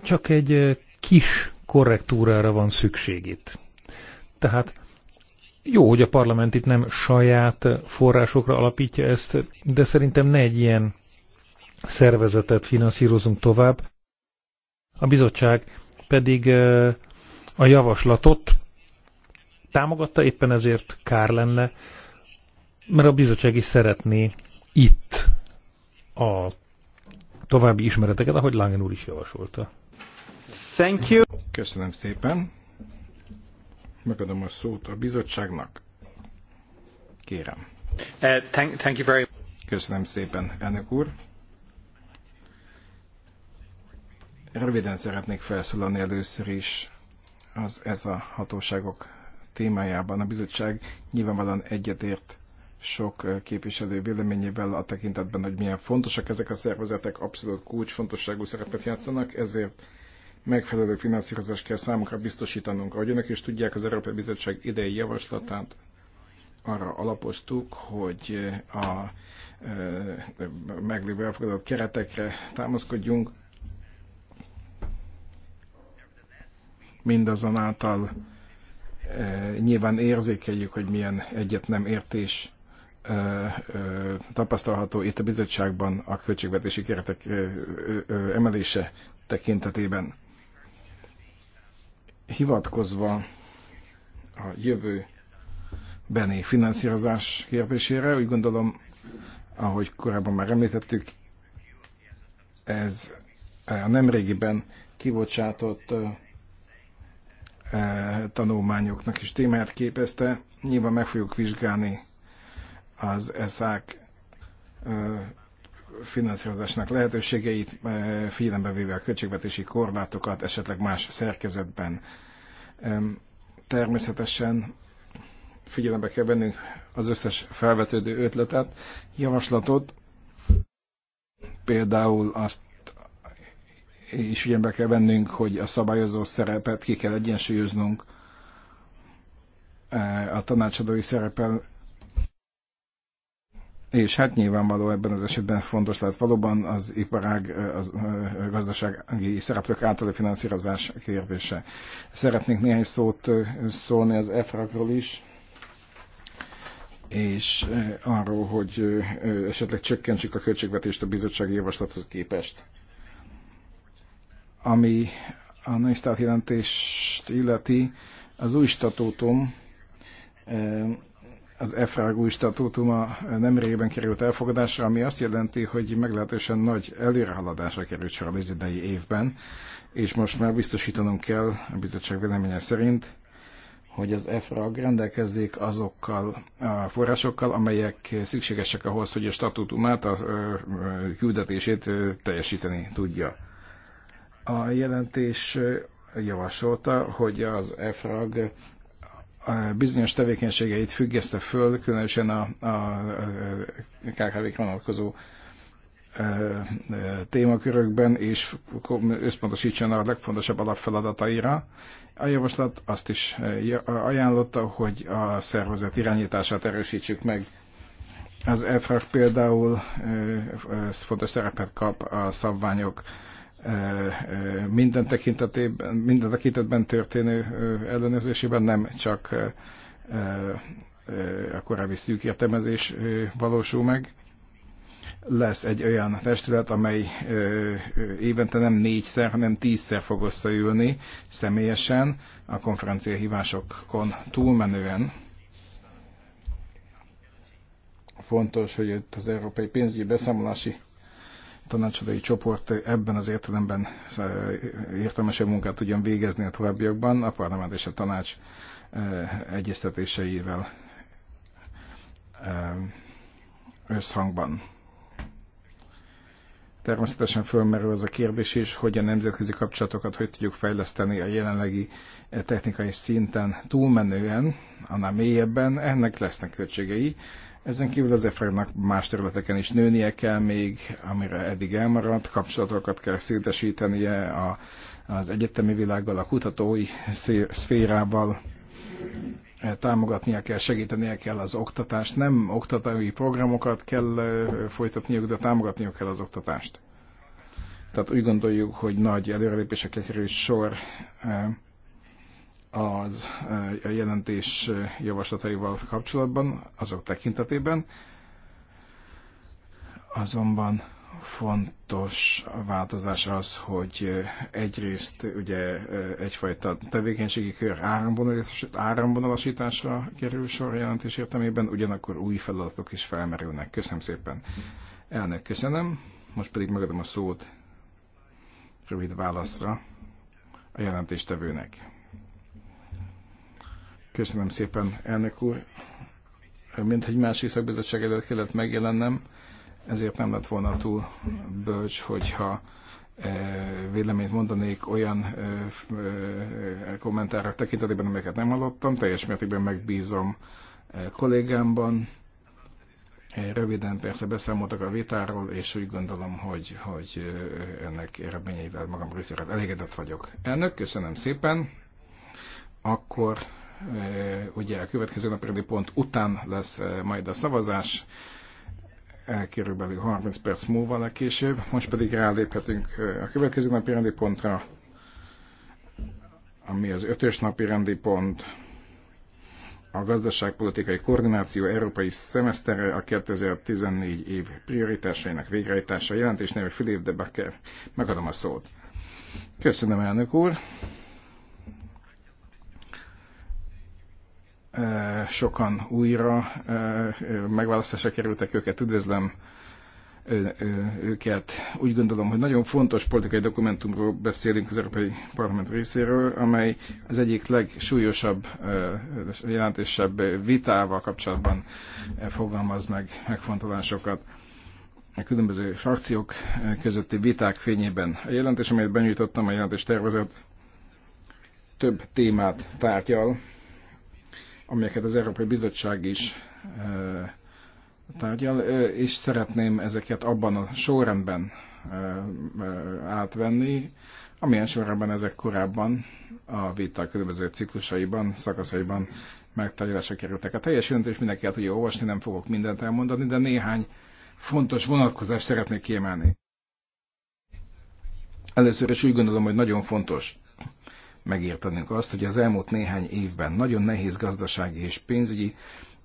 Csak egy kis korrektúrára van szükség itt. Tehát jó, hogy a parlament itt nem saját forrásokra alapítja ezt, de szerintem ne egy ilyen szervezetet finanszírozunk tovább. A bizottság pedig a javaslatot támogatta, éppen ezért kár lenne, mert a bizottság is szeretné itt a további ismereteket, ahogy Langen úr is javasolta. Thank you. Köszönöm szépen. Megadom a szót a bizottságnak. Kérem. Uh, thank, thank you very... Köszönöm szépen, elnök úr. Röviden szeretnék felszólalni először is az ez a hatóságok témájában. A bizottság nyilvánvalóan egyetért sok uh, képviselő véleményével a tekintetben, hogy milyen fontosak ezek a szervezetek, abszolút kulcsfontosságú szerepet játszanak, ezért megfelelő finanszírozást kell számukra biztosítanunk. Ahogy önök is tudják, az Európai Bizottság idei javaslatát arra alapoztuk, hogy a e, meglévő elfogadott keretekre támaszkodjunk. Mindazonáltal e, nyilván érzékeljük, hogy milyen egyet nem értés e, tapasztalható itt a bizottságban a költségvetési keretek emelése tekintetében hivatkozva a jövő beni finanszírozás kérdésére, úgy gondolom, ahogy korábban már említettük, ez a eh, nemrégiben kibocsátott eh, eh, tanulmányoknak is témát képezte. Nyilván meg fogjuk vizsgálni az eszák finanszírozásnak lehetőségeit, eh, figyelembe véve a költségvetési korlátokat, esetleg más szerkezetben. Természetesen figyelembe kell vennünk az összes felvetődő ötletet, javaslatot, például azt is figyelembe kell vennünk, hogy a szabályozó szerepet ki kell egyensúlyoznunk eh, a tanácsadói szerepel és hát nyilvánvaló ebben az esetben fontos lehet valóban az iparág, az gazdasági szereplők általi finanszírozás kérdése. Szeretnék néhány szót szólni az EFRAG-ról is, és arról, hogy esetleg csökkentsük a költségvetést a bizottsági javaslathoz képest. Ami a nagy jelentést illeti, az új statútum az EFRAG új statútuma nemrégében került elfogadásra, ami azt jelenti, hogy meglehetősen nagy előrehaladásra került sor az idei évben, és most már biztosítanunk kell a bizottság véleménye szerint, hogy az EFRAG rendelkezzék azokkal a forrásokkal, amelyek szükségesek ahhoz, hogy a statútumát, a küldetését teljesíteni tudja. A jelentés javasolta, hogy az EFRAG bizonyos tevékenységeit függeszte föl, különösen a, a KKV-k vonatkozó témakörökben, és összpontosítson a legfontosabb alapfeladataira. A javaslat azt is ajánlotta, hogy a szervezet irányítását erősítsük meg. Az EFRAG például fontos szerepet kap a szabványok minden tekintetében, minden tekintetben történő ellenőrzésében, nem csak a korábbi szűk értelmezés valósul meg. Lesz egy olyan testület, amely évente nem négyszer, hanem tízszer fog összeülni személyesen a konferencia hívásokon túlmenően. Fontos, hogy itt az európai pénzügyi beszámolási tanácsadói csoport ebben az értelemben e, értelmesebb munkát tudjon végezni a továbbiakban a parlament és a tanács e, egyeztetéseivel e, összhangban. Természetesen fölmerül az a kérdés is, hogy a nemzetközi kapcsolatokat hogy tudjuk fejleszteni a jelenlegi technikai szinten túlmenően, annál mélyebben, ennek lesznek költségei. Ezen kívül az EFRA-nak más területeken is nőnie kell még, amire eddig elmaradt, kapcsolatokat kell szétesítenie a, az egyetemi világgal, a kutatói szférával, e, támogatnia kell, segítenie kell az oktatást. Nem oktatói programokat kell e, folytatniuk, de támogatniuk kell az oktatást. Tehát úgy gondoljuk, hogy nagy előrelépésekre kerül sor e, az a jelentés javaslataival kapcsolatban, azok tekintetében. Azonban fontos változás az, hogy egyrészt ugye egyfajta tevékenységi kör áramvonalasításra kerül sor jelentés értelmében, ugyanakkor új feladatok is felmerülnek. Köszönöm szépen. Elnök, köszönöm. Most pedig megadom a szót rövid válaszra a jelentéstevőnek. Köszönöm szépen, elnök úr. Mint egy másik szakbizottság előtt kellett megjelennem, ezért nem lett volna túl bölcs, hogyha e, véleményt mondanék olyan e, e, kommentára tekintetében, amelyeket nem hallottam. Teljes mértékben megbízom kollégámban. Röviden persze beszámoltak a vitáról, és úgy gondolom, hogy, hogy ennek eredményeivel magam részéről elégedett vagyok. Elnök, köszönöm szépen. Akkor ugye a következő nap pedig pont után lesz majd a szavazás, körülbelül 30 perc múlva legkésőbb. Most pedig ráléphetünk a következő napi rendi pontra, ami az ötös napi rendi pont, a gazdaságpolitikai koordináció európai szemesztere a 2014 év prioritásainak végrehajtása. Jelentés neve Philip de Bakker. Megadom a szót. Köszönöm, elnök úr. sokan újra megválasztásra kerültek őket, üdvözlöm őket. Úgy gondolom, hogy nagyon fontos politikai dokumentumról beszélünk az Európai Parlament részéről, amely az egyik legsúlyosabb, jelentősebb vitával kapcsolatban fogalmaz meg megfontolásokat a különböző frakciók közötti viták fényében. A jelentés, amelyet benyújtottam, a jelentés tervezet több témát tárgyal, amelyeket az Európai Bizottság is tárgyal, és szeretném ezeket abban a sorrendben átvenni, amilyen sorrendben ezek korábban a vita különböző ciklusaiban, szakaszaiban megtárgyalásra kerültek. A teljes jelentés mindenki el tudja olvasni, nem fogok mindent elmondani, de néhány fontos vonatkozást szeretnék kiemelni. Először is úgy gondolom, hogy nagyon fontos, megértenünk azt, hogy az elmúlt néhány évben nagyon nehéz gazdasági és pénzügyi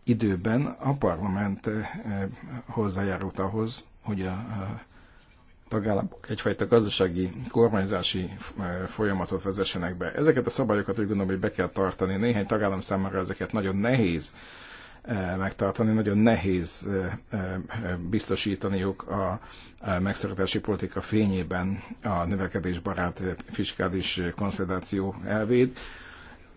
időben a parlament eh, eh, hozzájárult ahhoz, hogy a tagállamok egyfajta gazdasági kormányzási eh, folyamatot vezessenek be. Ezeket a szabályokat úgy gondolom, hogy be kell tartani. Néhány tagállam számára ezeket nagyon nehéz megtartani. Nagyon nehéz biztosítaniuk a megszorítási politika fényében a növekedésbarát fiskális konszolidáció elvét.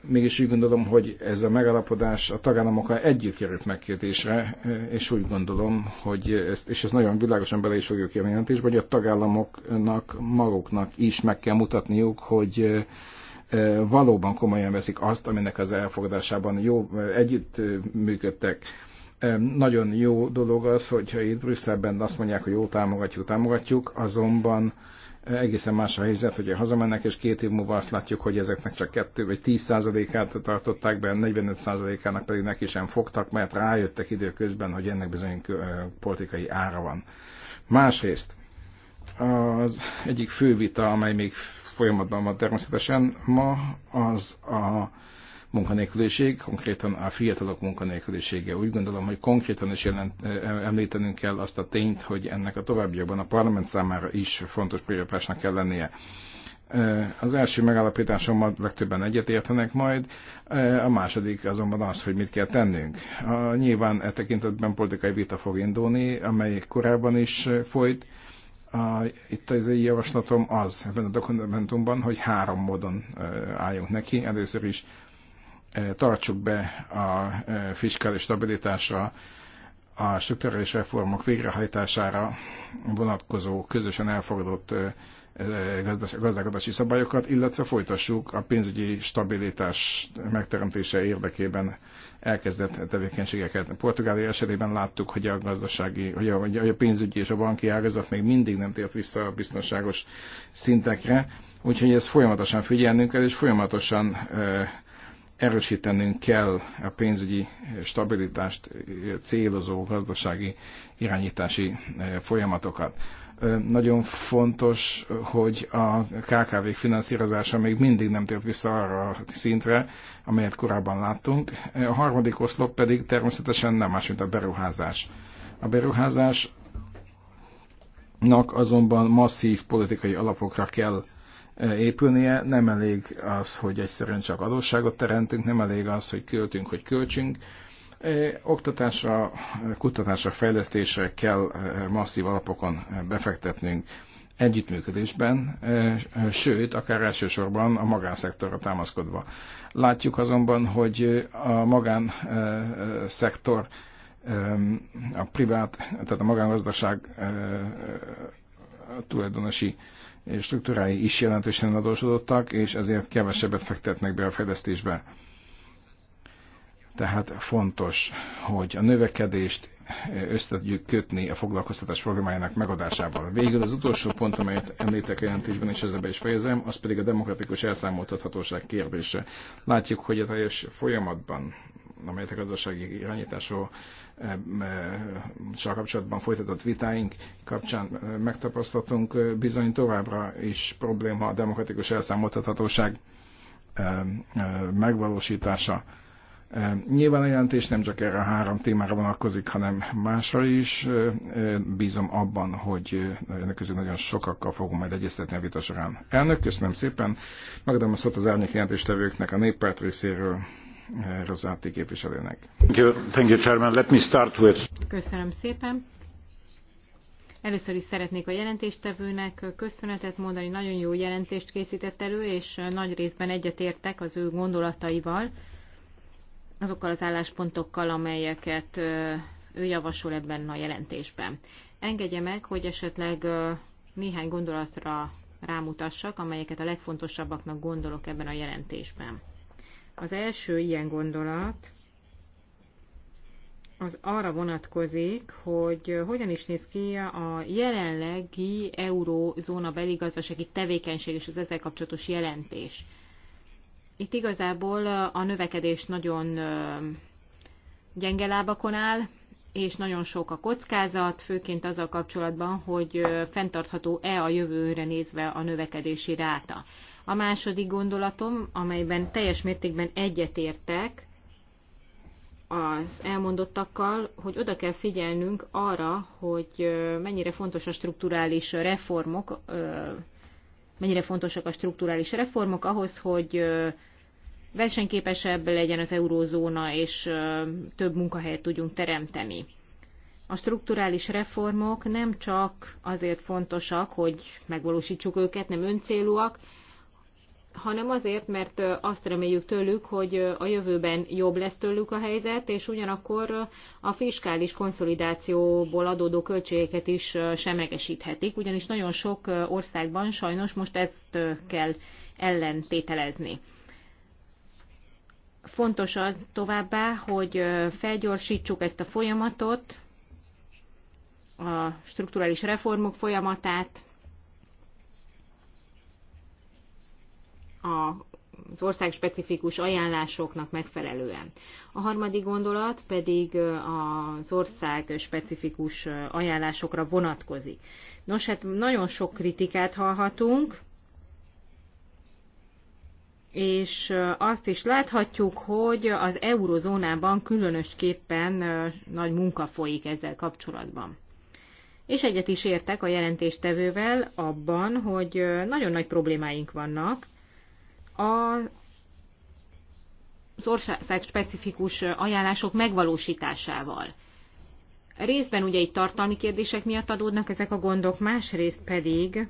Mégis úgy gondolom, hogy ez a megalapodás a tagállamokkal együtt került megkérdésre, és úgy gondolom, hogy ezt, és ez nagyon világosan bele is fogjuk jelentésbe, hogy a tagállamoknak maguknak is meg kell mutatniuk, hogy valóban komolyan veszik azt, aminek az elfogadásában jó együtt működtek. Nagyon jó dolog az, hogyha itt Brüsszelben azt mondják, hogy jó, támogatjuk, támogatjuk, azonban egészen más a helyzet, hogyha hazamennek, és két év múlva azt látjuk, hogy ezeknek csak kettő vagy tíz százalékát tartották be, 45 százalékának pedig neki sem fogtak, mert rájöttek időközben, hogy ennek bizony politikai ára van. Másrészt, az egyik fő vita, amely még folyamatban van természetesen ma, az a munkanélküliség, konkrétan a fiatalok munkanélkülisége. Úgy gondolom, hogy konkrétan is jelent, e, e, említenünk kell azt a tényt, hogy ennek a továbbiakban a parlament számára is fontos prioritásnak kell lennie. E, az első megállapításommal legtöbben egyetértenek majd, a második azonban az, hogy mit kell tennünk. A, nyilván e tekintetben politikai vita fog indulni, amely korábban is folyt, a, itt az én javaslatom az ebben a dokumentumban, hogy három módon álljunk neki. Először is tartsuk be a fiskális stabilitásra, a strukturális reformok végrehajtására vonatkozó közösen elfogadott gazdálkodási szabályokat, illetve folytassuk a pénzügyi stabilitás megteremtése érdekében elkezdett tevékenységeket. Portugália esetében láttuk, hogy a gazdasági, hogy a, hogy a pénzügyi és a banki ágazat még mindig nem tért vissza a biztonságos szintekre, úgyhogy ezt folyamatosan figyelnünk kell, és folyamatosan erősítenünk kell a pénzügyi stabilitást célozó gazdasági irányítási folyamatokat nagyon fontos, hogy a kkv finanszírozása még mindig nem tért vissza arra a szintre, amelyet korábban láttunk. A harmadik oszlop pedig természetesen nem más, mint a beruházás. A beruházásnak azonban masszív politikai alapokra kell épülnie, nem elég az, hogy egyszerűen csak adósságot teremtünk, nem elég az, hogy költünk, hogy költsünk, E, oktatásra, kutatásra, fejlesztésre kell e, masszív alapokon befektetnünk együttműködésben, e, sőt, akár elsősorban a magánszektorra támaszkodva. Látjuk azonban, hogy a magánszektor, a privát, tehát a magángazdaság tulajdonosi struktúrái is jelentősen adósodottak, és ezért kevesebbet fektetnek be a fejlesztésbe. Tehát fontos, hogy a növekedést összetudjuk kötni a foglalkoztatás programjának megadásával. Végül az utolsó pont, amelyet említek a jelentésben, és ezzel be is fejezem, az pedig a demokratikus elszámoltathatóság kérdése. Látjuk, hogy a teljes folyamatban, amelyet a gazdasági irányításról csak eh, eh, kapcsolatban folytatott vitáink kapcsán eh, megtapasztaltunk, bizony továbbra is probléma a demokratikus elszámoltathatóság megvalósítása Nyilván a jelentés nem csak erre a három témára vonatkozik, hanem másra is. Bízom abban, hogy önök közül nagyon sokakkal fogom majd egyeztetni a vita során. Elnök, köszönöm szépen. Megadom a szót az árnyék jelentéstevőknek a néppárt részéről. Rozáti képviselőnek. Thank you, thank you, Chairman. Let me start with... Köszönöm szépen. Először is szeretnék a jelentéstevőnek köszönetet mondani, nagyon jó jelentést készített elő, és nagy részben egyetértek az ő gondolataival azokkal az álláspontokkal, amelyeket ő javasol ebben a jelentésben. Engedje meg, hogy esetleg néhány gondolatra rámutassak, amelyeket a legfontosabbaknak gondolok ebben a jelentésben. Az első ilyen gondolat az arra vonatkozik, hogy hogyan is néz ki a jelenlegi eurózóna beligazdasági tevékenység és az ezzel kapcsolatos jelentés itt igazából a növekedés nagyon gyenge lábakon áll, és nagyon sok a kockázat, főként azzal kapcsolatban, hogy fenntartható-e a jövőre nézve a növekedési ráta. A második gondolatom, amelyben teljes mértékben egyetértek az elmondottakkal, hogy oda kell figyelnünk arra, hogy mennyire fontos a strukturális reformok, mennyire fontosak a strukturális reformok ahhoz, hogy versenyképesebb legyen az eurózóna, és több munkahelyet tudjunk teremteni. A strukturális reformok nem csak azért fontosak, hogy megvalósítsuk őket, nem öncélúak, hanem azért, mert azt reméljük tőlük, hogy a jövőben jobb lesz tőlük a helyzet, és ugyanakkor a fiskális konszolidációból adódó költségeket is semlegesíthetik, ugyanis nagyon sok országban sajnos most ezt kell ellentételezni. Fontos az továbbá, hogy felgyorsítsuk ezt a folyamatot, a strukturális reformok folyamatát, az ország specifikus ajánlásoknak megfelelően. A harmadik gondolat pedig az ország specifikus ajánlásokra vonatkozik. Nos, hát nagyon sok kritikát hallhatunk, és azt is láthatjuk, hogy az eurozónában különösképpen nagy munka folyik ezzel kapcsolatban. És egyet is értek a jelentéstevővel abban, hogy nagyon nagy problémáink vannak a az ország specifikus ajánlások megvalósításával. Részben ugye itt tartalmi kérdések miatt adódnak ezek a gondok, másrészt pedig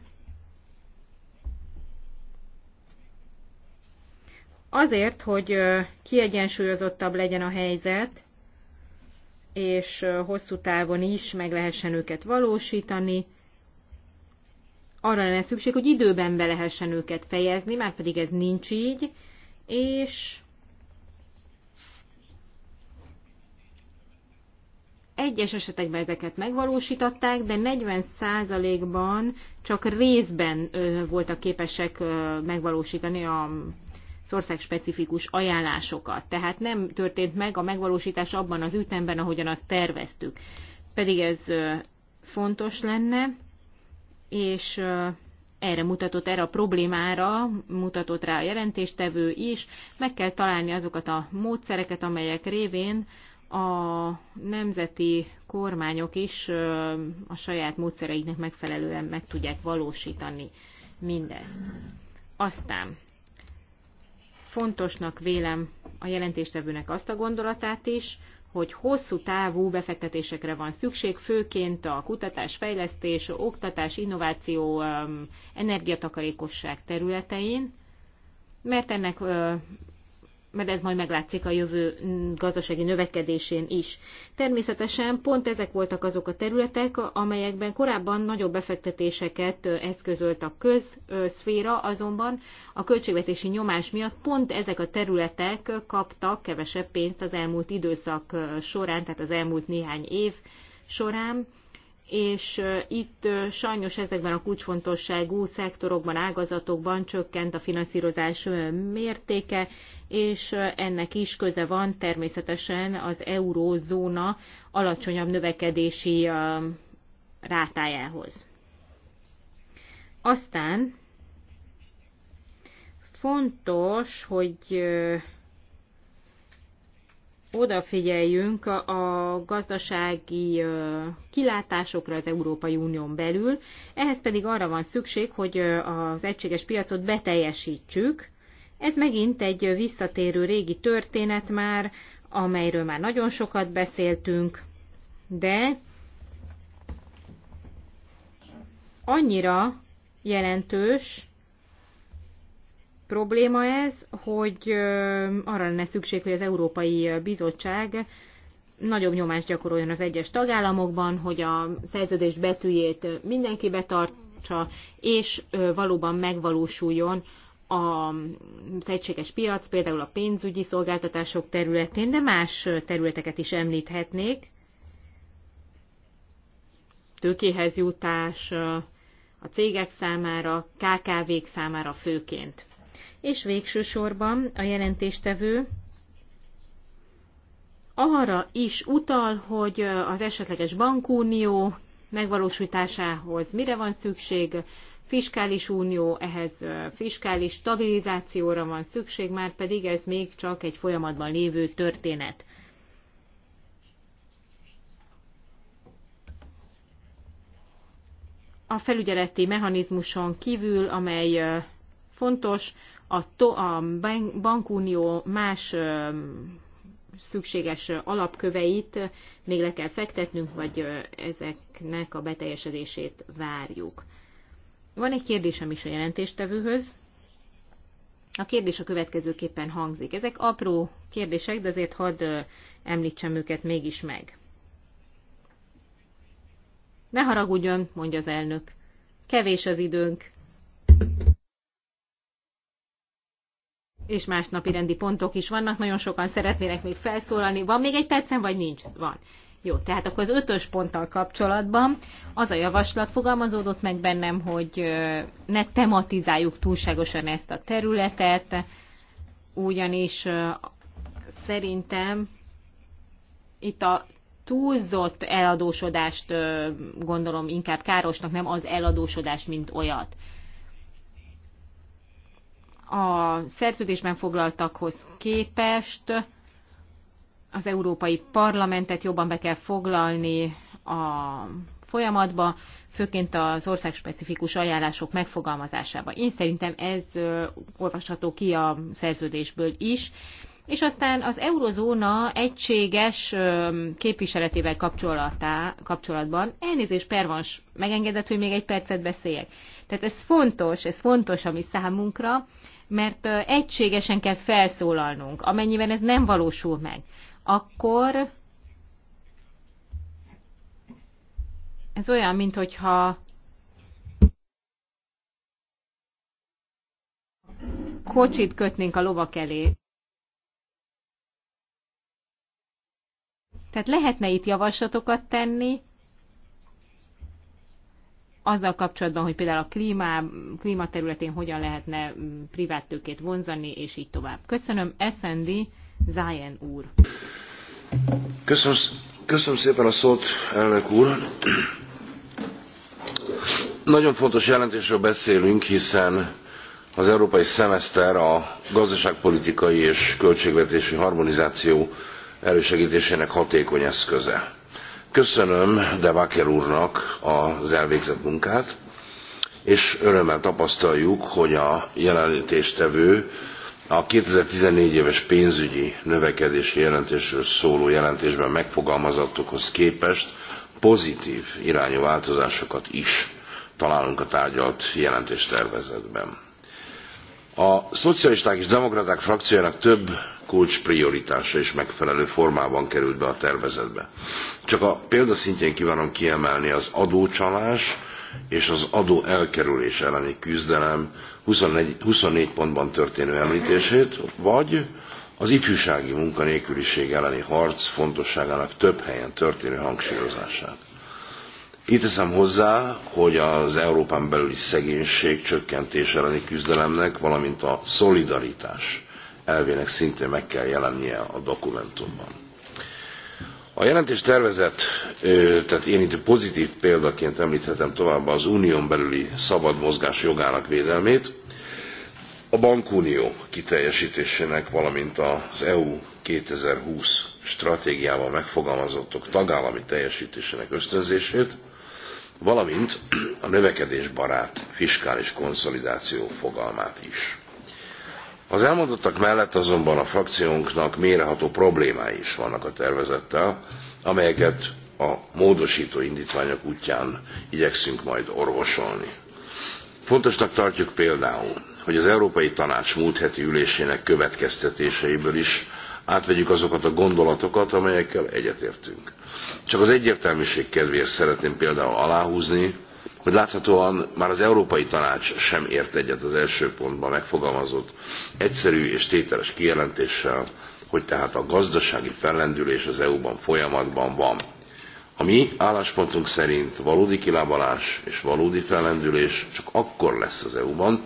Azért, hogy kiegyensúlyozottabb legyen a helyzet, és hosszú távon is meg lehessen őket valósítani, arra lenne szükség, hogy időben be lehessen őket fejezni, már pedig ez nincs így, és egyes esetekben ezeket megvalósították, de 40%-ban csak részben voltak képesek megvalósítani a az országspecifikus ajánlásokat. Tehát nem történt meg a megvalósítás abban az ütemben, ahogyan azt terveztük. Pedig ez fontos lenne, és erre mutatott, erre a problémára mutatott rá a jelentéstevő is. Meg kell találni azokat a módszereket, amelyek révén a nemzeti kormányok is a saját módszereiknek megfelelően meg tudják valósítani mindezt. Aztán fontosnak vélem a jelentéstevőnek azt a gondolatát is, hogy hosszú távú befektetésekre van szükség, főként a kutatás, fejlesztés, oktatás, innováció, energiatakarékosság területein, mert ennek mert ez majd meglátszik a jövő mm, gazdasági növekedésén is. Természetesen pont ezek voltak azok a területek, amelyekben korábban nagyobb befektetéseket eszközölt a közszféra, azonban a költségvetési nyomás miatt pont ezek a területek kaptak kevesebb pénzt az elmúlt időszak során, tehát az elmúlt néhány év során és itt sajnos ezekben a kulcsfontosságú szektorokban, ágazatokban csökkent a finanszírozás mértéke, és ennek is köze van természetesen az eurózóna alacsonyabb növekedési rátájához. Aztán fontos, hogy odafigyeljünk a gazdasági kilátásokra az Európai Unión belül, ehhez pedig arra van szükség, hogy az egységes piacot beteljesítsük. Ez megint egy visszatérő régi történet már, amelyről már nagyon sokat beszéltünk, de annyira jelentős, probléma ez, hogy arra lenne szükség, hogy az Európai Bizottság nagyobb nyomást gyakoroljon az egyes tagállamokban, hogy a szerződés betűjét mindenki betartsa, és valóban megvalósuljon a egységes piac, például a pénzügyi szolgáltatások területén, de más területeket is említhetnék. Tőkéhez jutás a cégek számára, KKV-k számára főként és végső sorban a jelentéstevő arra is utal, hogy az esetleges bankunió megvalósításához mire van szükség, fiskális unió, ehhez fiskális stabilizációra van szükség, már pedig ez még csak egy folyamatban lévő történet. A felügyeleti mechanizmuson kívül, amely fontos, a, to, a bankunió más szükséges alapköveit még le kell fektetnünk, vagy ezeknek a beteljesedését várjuk. Van egy kérdésem is a jelentéstevőhöz. A kérdés a következőképpen hangzik. Ezek apró kérdések, de azért hadd említsem őket mégis meg. Ne haragudjon, mondja az elnök. Kevés az időnk. és más napi rendi pontok is vannak, nagyon sokan szeretnének még felszólalni. Van még egy percen, vagy nincs? Van. Jó, tehát akkor az ötös ponttal kapcsolatban az a javaslat fogalmazódott meg bennem, hogy ne tematizáljuk túlságosan ezt a területet, ugyanis szerintem itt a túlzott eladósodást gondolom inkább károsnak, nem az eladósodást, mint olyat a szerződésben foglaltakhoz képest az Európai Parlamentet jobban be kell foglalni a folyamatba, főként az országspecifikus ajánlások megfogalmazásába. Én szerintem ez olvasható ki a szerződésből is. És aztán az eurozóna egységes képviseletével kapcsolatban, elnézést pervans, megengedett, hogy még egy percet beszéljek. Tehát ez fontos, ez fontos, ami számunkra, mert egységesen kell felszólalnunk. Amennyiben ez nem valósul meg, akkor ez olyan, mint hogyha kocsit kötnénk a lovak elé. Tehát lehetne itt javaslatokat tenni, azzal kapcsolatban, hogy például a klímá, klíma területén hogyan lehetne mm, privát tőkét vonzani, és így tovább. Köszönöm, SND Zájen úr. Köszönöm, köszönöm szépen a szót, elnök úr. Nagyon fontos jelentésről beszélünk, hiszen az európai szemeszter a gazdaságpolitikai és költségvetési harmonizáció elősegítésének hatékony eszköze Köszönöm De backer úrnak az elvégzett munkát, és örömmel tapasztaljuk, hogy a jelentéstevő a 2014 éves pénzügyi növekedési jelentésről szóló jelentésben megfogalmazottakhoz képest pozitív irányú változásokat is találunk a tárgyalt jelentéstervezetben a szocialisták és demokraták frakciójának több kulcsprioritása is megfelelő formában került be a tervezetbe. Csak a példa szintjén kívánom kiemelni az adócsalás és az adó elkerülés elleni küzdelem 24, 24 pontban történő említését, vagy az ifjúsági munkanélküliség elleni harc fontosságának több helyen történő hangsúlyozását. Kiteszem hozzá, hogy az Európán belüli szegénység csökkentés elleni küzdelemnek, valamint a szolidaritás elvének szintén meg kell jelennie a dokumentumban. A jelentés tervezet, tehát én itt pozitív példaként említhetem továbbá az unión belüli szabad mozgás jogának védelmét, a bankunió kiteljesítésének, valamint az EU 2020 stratégiával megfogalmazottok tagállami teljesítésének ösztönzését, valamint a növekedésbarát fiskális konszolidáció fogalmát is. Az elmondottak mellett azonban a frakciónknak mérható problémái is vannak a tervezettel, amelyeket a módosító indítványok útján igyekszünk majd orvosolni. Fontosnak tartjuk például, hogy az Európai Tanács múlt heti ülésének következtetéseiből is átvegyük azokat a gondolatokat, amelyekkel egyetértünk. Csak az egyértelműség kedvéért szeretném például aláhúzni, hogy láthatóan már az Európai Tanács sem ért egyet az első pontban megfogalmazott egyszerű és tételes kijelentéssel, hogy tehát a gazdasági fellendülés az EU-ban folyamatban van a mi álláspontunk szerint valódi kilábalás és valódi fellendülés csak akkor lesz az EU-ban,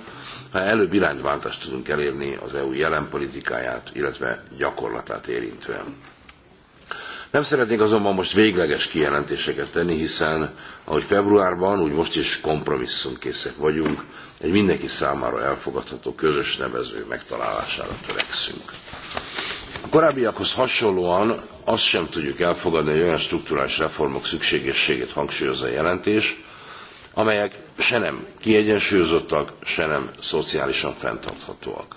ha előbb irányváltást tudunk elérni az EU jelen politikáját, illetve gyakorlatát érintően. Nem szeretnék azonban most végleges kijelentéseket tenni, hiszen ahogy februárban, úgy most is kompromisszumkészek vagyunk, egy mindenki számára elfogadható közös nevező megtalálására törekszünk. A korábbiakhoz hasonlóan azt sem tudjuk elfogadni, hogy olyan strukturális reformok szükségességét hangsúlyozza a jelentés, amelyek se nem kiegyensúlyozottak, se nem szociálisan fenntarthatóak.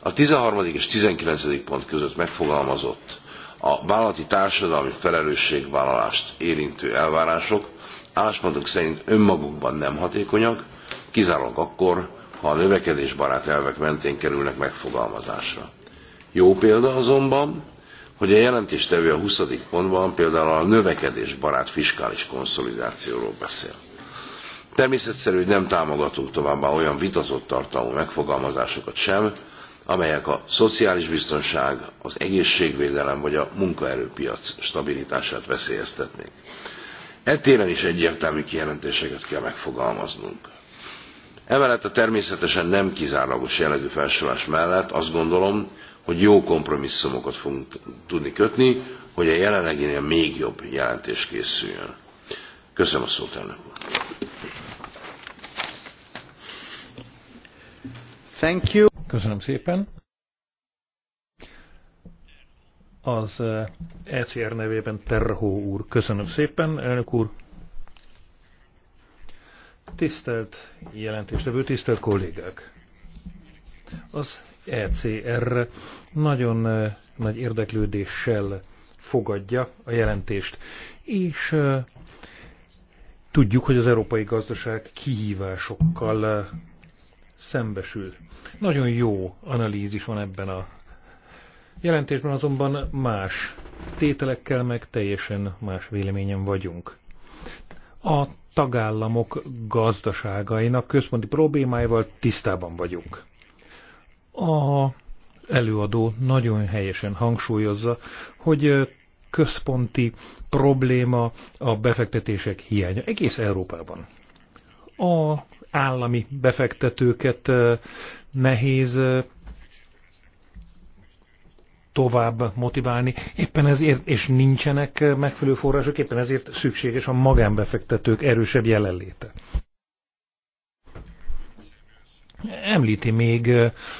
A 13. és 19. pont között megfogalmazott a vállalati társadalmi felelősségvállalást érintő elvárások álláspontunk szerint önmagukban nem hatékonyak, kizárólag akkor, ha a növekedésbarát elvek mentén kerülnek megfogalmazásra. Jó példa azonban, hogy a jelentéstevő a 20. pontban például a növekedésbarát fiskális konszolidációról beszél. Természetszerű, hogy nem támogatunk továbbá olyan vitatott tartalmú megfogalmazásokat sem, amelyek a szociális biztonság, az egészségvédelem vagy a munkaerőpiac stabilitását veszélyeztetnék. Ettéren is egyértelmű kijelentéseket kell megfogalmaznunk. Emellett a természetesen nem kizárólagos jellegű felsorolás mellett azt gondolom, hogy jó kompromisszumokat fogunk tudni kötni, hogy a jelenleginél még jobb jelentés készüljön. Köszönöm a szót, elnök úr. Thank you. Köszönöm szépen. Az ECR eh, e nevében Terhó úr. Köszönöm szépen, elnök úr. Tisztelt jelentéstevő, tisztelt kollégák! Az ECR nagyon nagy érdeklődéssel fogadja a jelentést. És tudjuk, hogy az európai gazdaság kihívásokkal szembesül. Nagyon jó analízis van ebben a jelentésben, azonban más tételekkel meg teljesen más véleményen vagyunk. A tagállamok gazdaságainak központi problémáival tisztában vagyunk. A előadó nagyon helyesen hangsúlyozza, hogy központi probléma a befektetések hiánya egész Európában. A állami befektetőket nehéz tovább motiválni, éppen ezért, és nincsenek megfelelő források, éppen ezért szükséges a magánbefektetők erősebb jelenléte. Említi még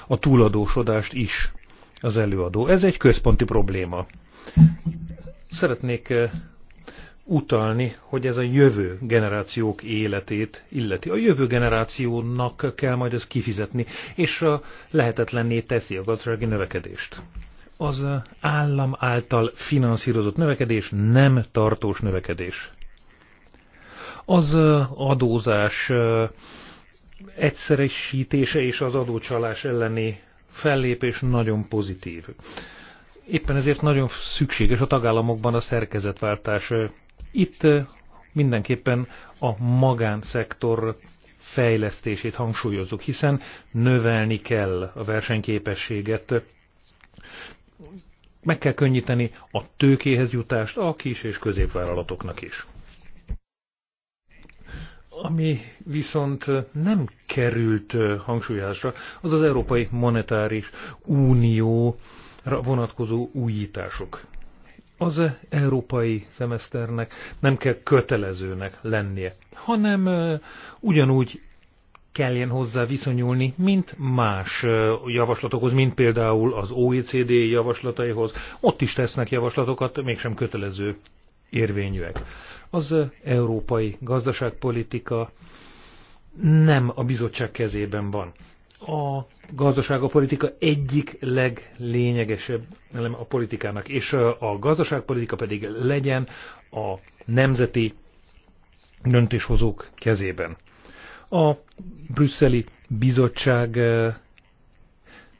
a túladósodást is az előadó. Ez egy központi probléma. Szeretnék utalni, hogy ez a jövő generációk életét illeti. A jövő generációnak kell majd ezt kifizetni, és lehetetlenné teszi a gazdasági növekedést. Az állam által finanszírozott növekedés nem tartós növekedés. Az adózás egyszeresítése és az adócsalás elleni fellépés nagyon pozitív. Éppen ezért nagyon szükséges a tagállamokban a szerkezetváltás. Itt eh, mindenképpen a magánszektor fejlesztését hangsúlyozzuk, hiszen növelni kell a versenyképességet, meg kell könnyíteni a tőkéhez jutást a kis és középvállalatoknak is. Ami viszont nem került hangsúlyásra, az az Európai Monetáris Unióra vonatkozó újítások. Az európai szemeszternek nem kell kötelezőnek lennie, hanem ugyanúgy kelljen hozzá viszonyulni, mint más javaslatokhoz, mint például az OECD javaslataihoz. Ott is tesznek javaslatokat, mégsem kötelező érvényűek. Az európai gazdaságpolitika nem a bizottság kezében van. A gazdaságpolitika egyik leglényegesebb eleme a politikának, és a gazdaságpolitika pedig legyen a nemzeti döntéshozók kezében. A brüsszeli bizottság eh,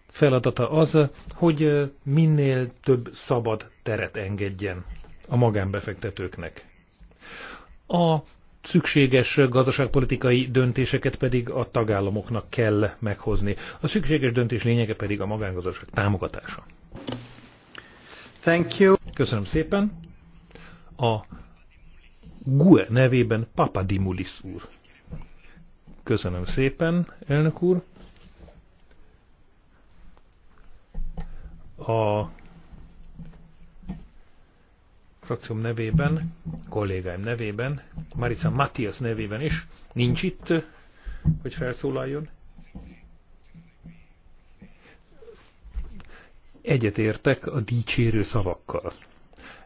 feladata az, hogy eh, minél több szabad teret engedjen a magánbefektetőknek a szükséges gazdaságpolitikai döntéseket pedig a tagállamoknak kell meghozni. A szükséges döntés lényege pedig a magángazdaság támogatása. Thank you. Köszönöm szépen. A GUE nevében Papadimulis úr. Köszönöm szépen, elnök úr. A frakcióm nevében, kollégáim nevében, Marica Matthias nevében is, nincs itt, hogy felszólaljon. Egyetértek a dicsérő szavakkal.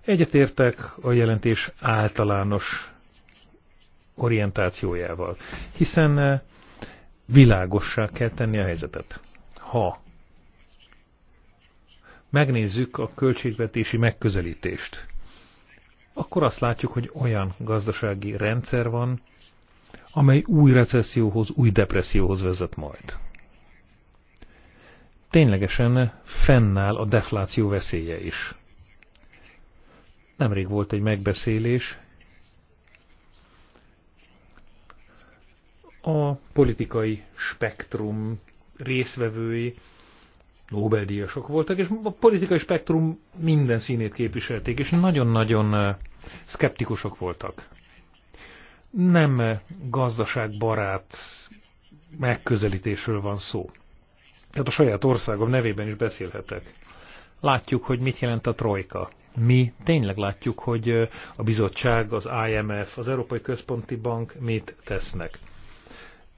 Egyetértek a jelentés általános orientációjával, hiszen eh, világossá kell tenni a helyzetet. Ha megnézzük a költségvetési megközelítést, akkor azt látjuk, hogy olyan gazdasági rendszer van, amely új recesszióhoz, új depresszióhoz vezet majd. Ténylegesen fennáll a defláció veszélye is. Nemrég volt egy megbeszélés a politikai spektrum részvevői Nobel-díjasok voltak, és a politikai spektrum minden színét képviselték, és nagyon-nagyon eh, szkeptikusok voltak. Nem eh, gazdaságbarát megközelítésről van szó. Tehát a saját országom nevében is beszélhetek. Látjuk, hogy mit jelent a trojka. Mi tényleg látjuk, hogy eh, a bizottság, az IMF, az Európai Központi Bank mit tesznek.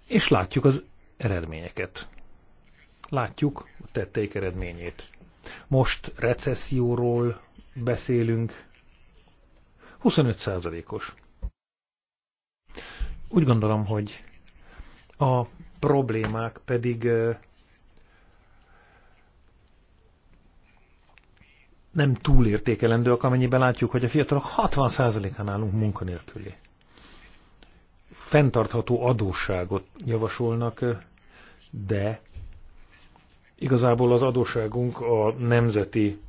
És látjuk az eredményeket látjuk a tetteik eredményét. Most recesszióról beszélünk, 25%-os. Úgy gondolom, hogy a problémák pedig nem túlértékelendőek, amennyiben látjuk, hogy a fiatalok 60%-án állunk munkanélküli. Fentartható adósságot javasolnak, de Igazából az adóságunk a nemzeti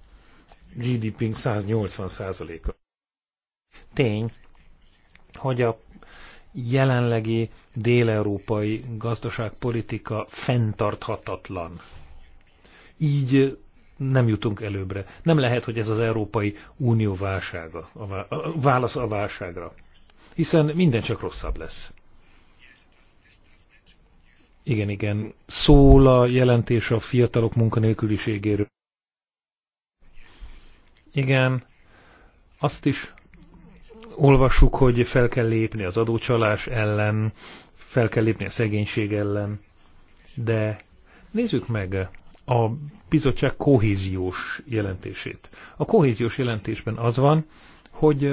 GDP-nk 180%-a. Tény, hogy a jelenlegi déleurópai gazdaságpolitika fenntarthatatlan. Így nem jutunk előbbre. Nem lehet, hogy ez az Európai Unió válsága, a válasz a válságra. Hiszen minden csak rosszabb lesz. Igen, igen. Szól a jelentés a fiatalok munkanélküliségéről. Igen. Azt is olvassuk, hogy fel kell lépni az adócsalás ellen, fel kell lépni a szegénység ellen, de nézzük meg a bizottság kohéziós jelentését. A kohéziós jelentésben az van, hogy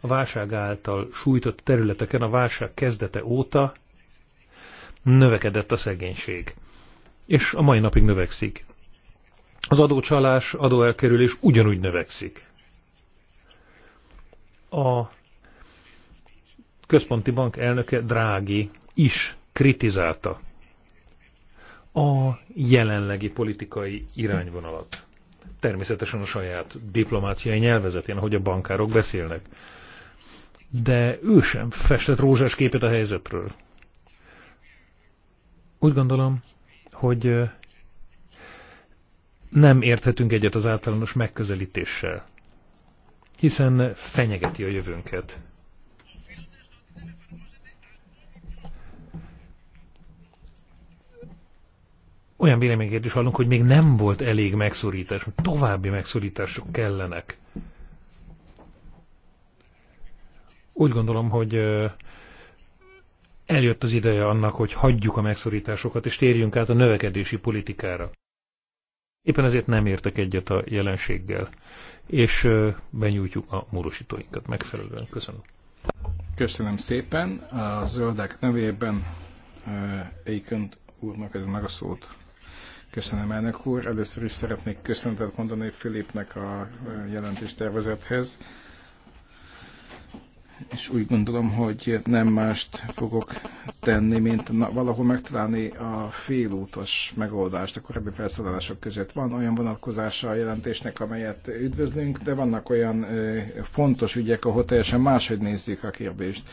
a válság által sújtott területeken a válság kezdete óta növekedett a szegénység. És a mai napig növekszik. Az adócsalás, adóelkerülés ugyanúgy növekszik. A központi bank elnöke Drági is kritizálta a jelenlegi politikai irányvonalat. Természetesen a saját diplomáciai nyelvezetén, ahogy a bankárok beszélnek. De ő sem festett rózsás képet a helyzetről. Úgy gondolom, hogy nem érthetünk egyet az általános megközelítéssel, hiszen fenyegeti a jövőnket. Olyan véleményeket is hallunk, hogy még nem volt elég megszorítás, további megszorítások kellenek. Úgy gondolom, hogy eljött az ideje annak, hogy hagyjuk a megszorításokat, és térjünk át a növekedési politikára. Éppen ezért nem értek egyet a jelenséggel, és benyújtjuk a módosítóinkat megfelelően. Köszönöm. Köszönöm szépen. A zöldek nevében Eikönt úrnak ez meg a szót. Köszönöm, elnök úr. Először is szeretnék köszönetet mondani Filipnek a jelentéstervezethez. tervezethez és úgy gondolom, hogy nem mást fogok tenni, mint valahol megtalálni a félútos megoldást a korábbi felszólalások között. Van olyan vonatkozása a jelentésnek, amelyet üdvözlünk, de vannak olyan fontos ügyek, ahol teljesen máshogy nézzük a kérdést.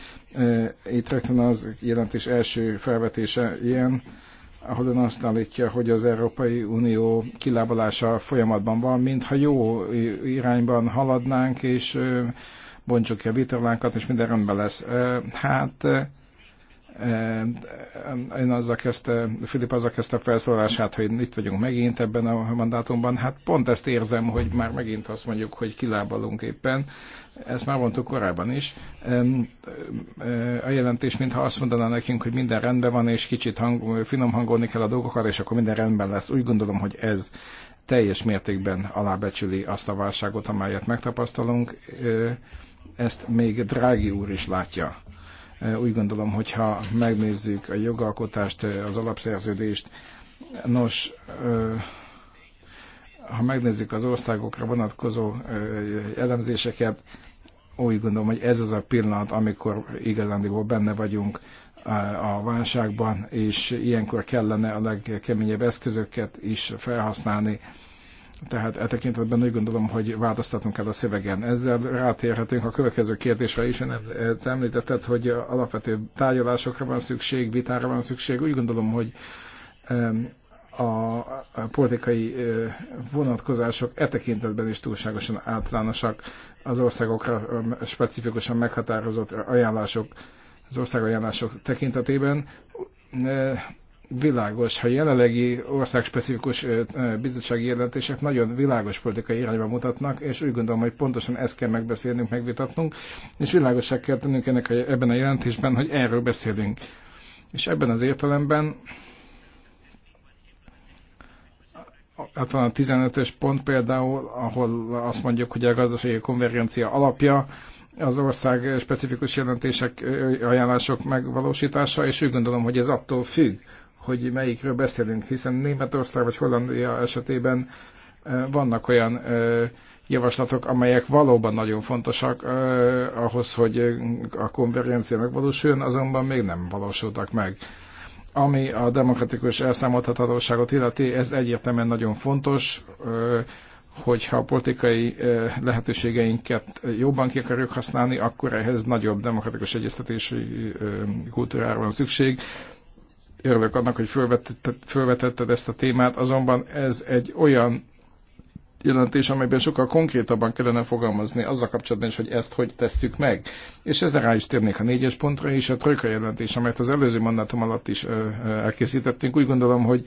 Itt rögtön az jelentés első felvetése ilyen, ahol ön azt állítja, hogy az Európai Unió kilábalása folyamatban van, mintha jó irányban haladnánk, és bontsuk ki a vitorlánkat, és minden rendben lesz. Hát én azzal kezdte, Filip azzal kezdte a felszólását, hogy itt vagyunk megint ebben a mandátumban. Hát pont ezt érzem, hogy már megint azt mondjuk, hogy kilábalunk éppen. Ezt már mondtuk korábban is. A jelentés mintha azt mondaná nekünk, hogy minden rendben van, és kicsit hang, finom hangolni kell a dolgokat, és akkor minden rendben lesz. Úgy gondolom, hogy ez teljes mértékben alábecsüli azt a válságot, amelyet megtapasztalunk ezt még Drági úr is látja. Úgy gondolom, hogyha megnézzük a jogalkotást, az alapszerződést, nos, ha megnézzük az országokra vonatkozó elemzéseket, úgy gondolom, hogy ez az a pillanat, amikor igazándiból benne vagyunk a válságban, és ilyenkor kellene a legkeményebb eszközöket is felhasználni tehát e tekintetben úgy gondolom, hogy változtatunk kell a szövegen. Ezzel rátérhetünk a következő kérdésre is. E, te említetted, hogy alapvető tárgyalásokra van szükség, vitára van szükség. Úgy gondolom, hogy a politikai e, vonatkozások e tekintetben is túlságosan általánosak az országokra specifikusan meghatározott ajánlások, az országajánlások tekintetében e, világos, ha jelenlegi országspecifikus bizottsági jelentések nagyon világos politikai irányba mutatnak, és úgy gondolom, hogy pontosan ezt kell megbeszélnünk, megvitatnunk, és világosá kell tennünk ennek a, ebben a jelentésben, hogy erről beszélünk. És ebben az értelemben a 15-ös pont például, ahol azt mondjuk, hogy a gazdasági konvergencia alapja, az ország specifikus jelentések, ajánlások megvalósítása, és úgy gondolom, hogy ez attól függ, hogy melyikről beszélünk, hiszen Németország vagy Hollandia esetében vannak olyan javaslatok, amelyek valóban nagyon fontosak ahhoz, hogy a konvergencia megvalósuljon, azonban még nem valósultak meg. Ami a demokratikus elszámoltathatóságot illeti, ez egyértelműen nagyon fontos, hogyha a politikai lehetőségeinket jobban ki akarjuk használni, akkor ehhez nagyobb demokratikus egyeztetési kultúrára van szükség. Örülök annak, hogy felvetetted, ezt a témát, azonban ez egy olyan jelentés, amelyben sokkal konkrétabban kellene fogalmazni azzal kapcsolatban is, hogy ezt hogy tesszük meg. És ezzel rá is térnék a négyes pontra is, a trojka jelentés, amelyet az előző mandátum alatt is elkészítettünk. Úgy gondolom, hogy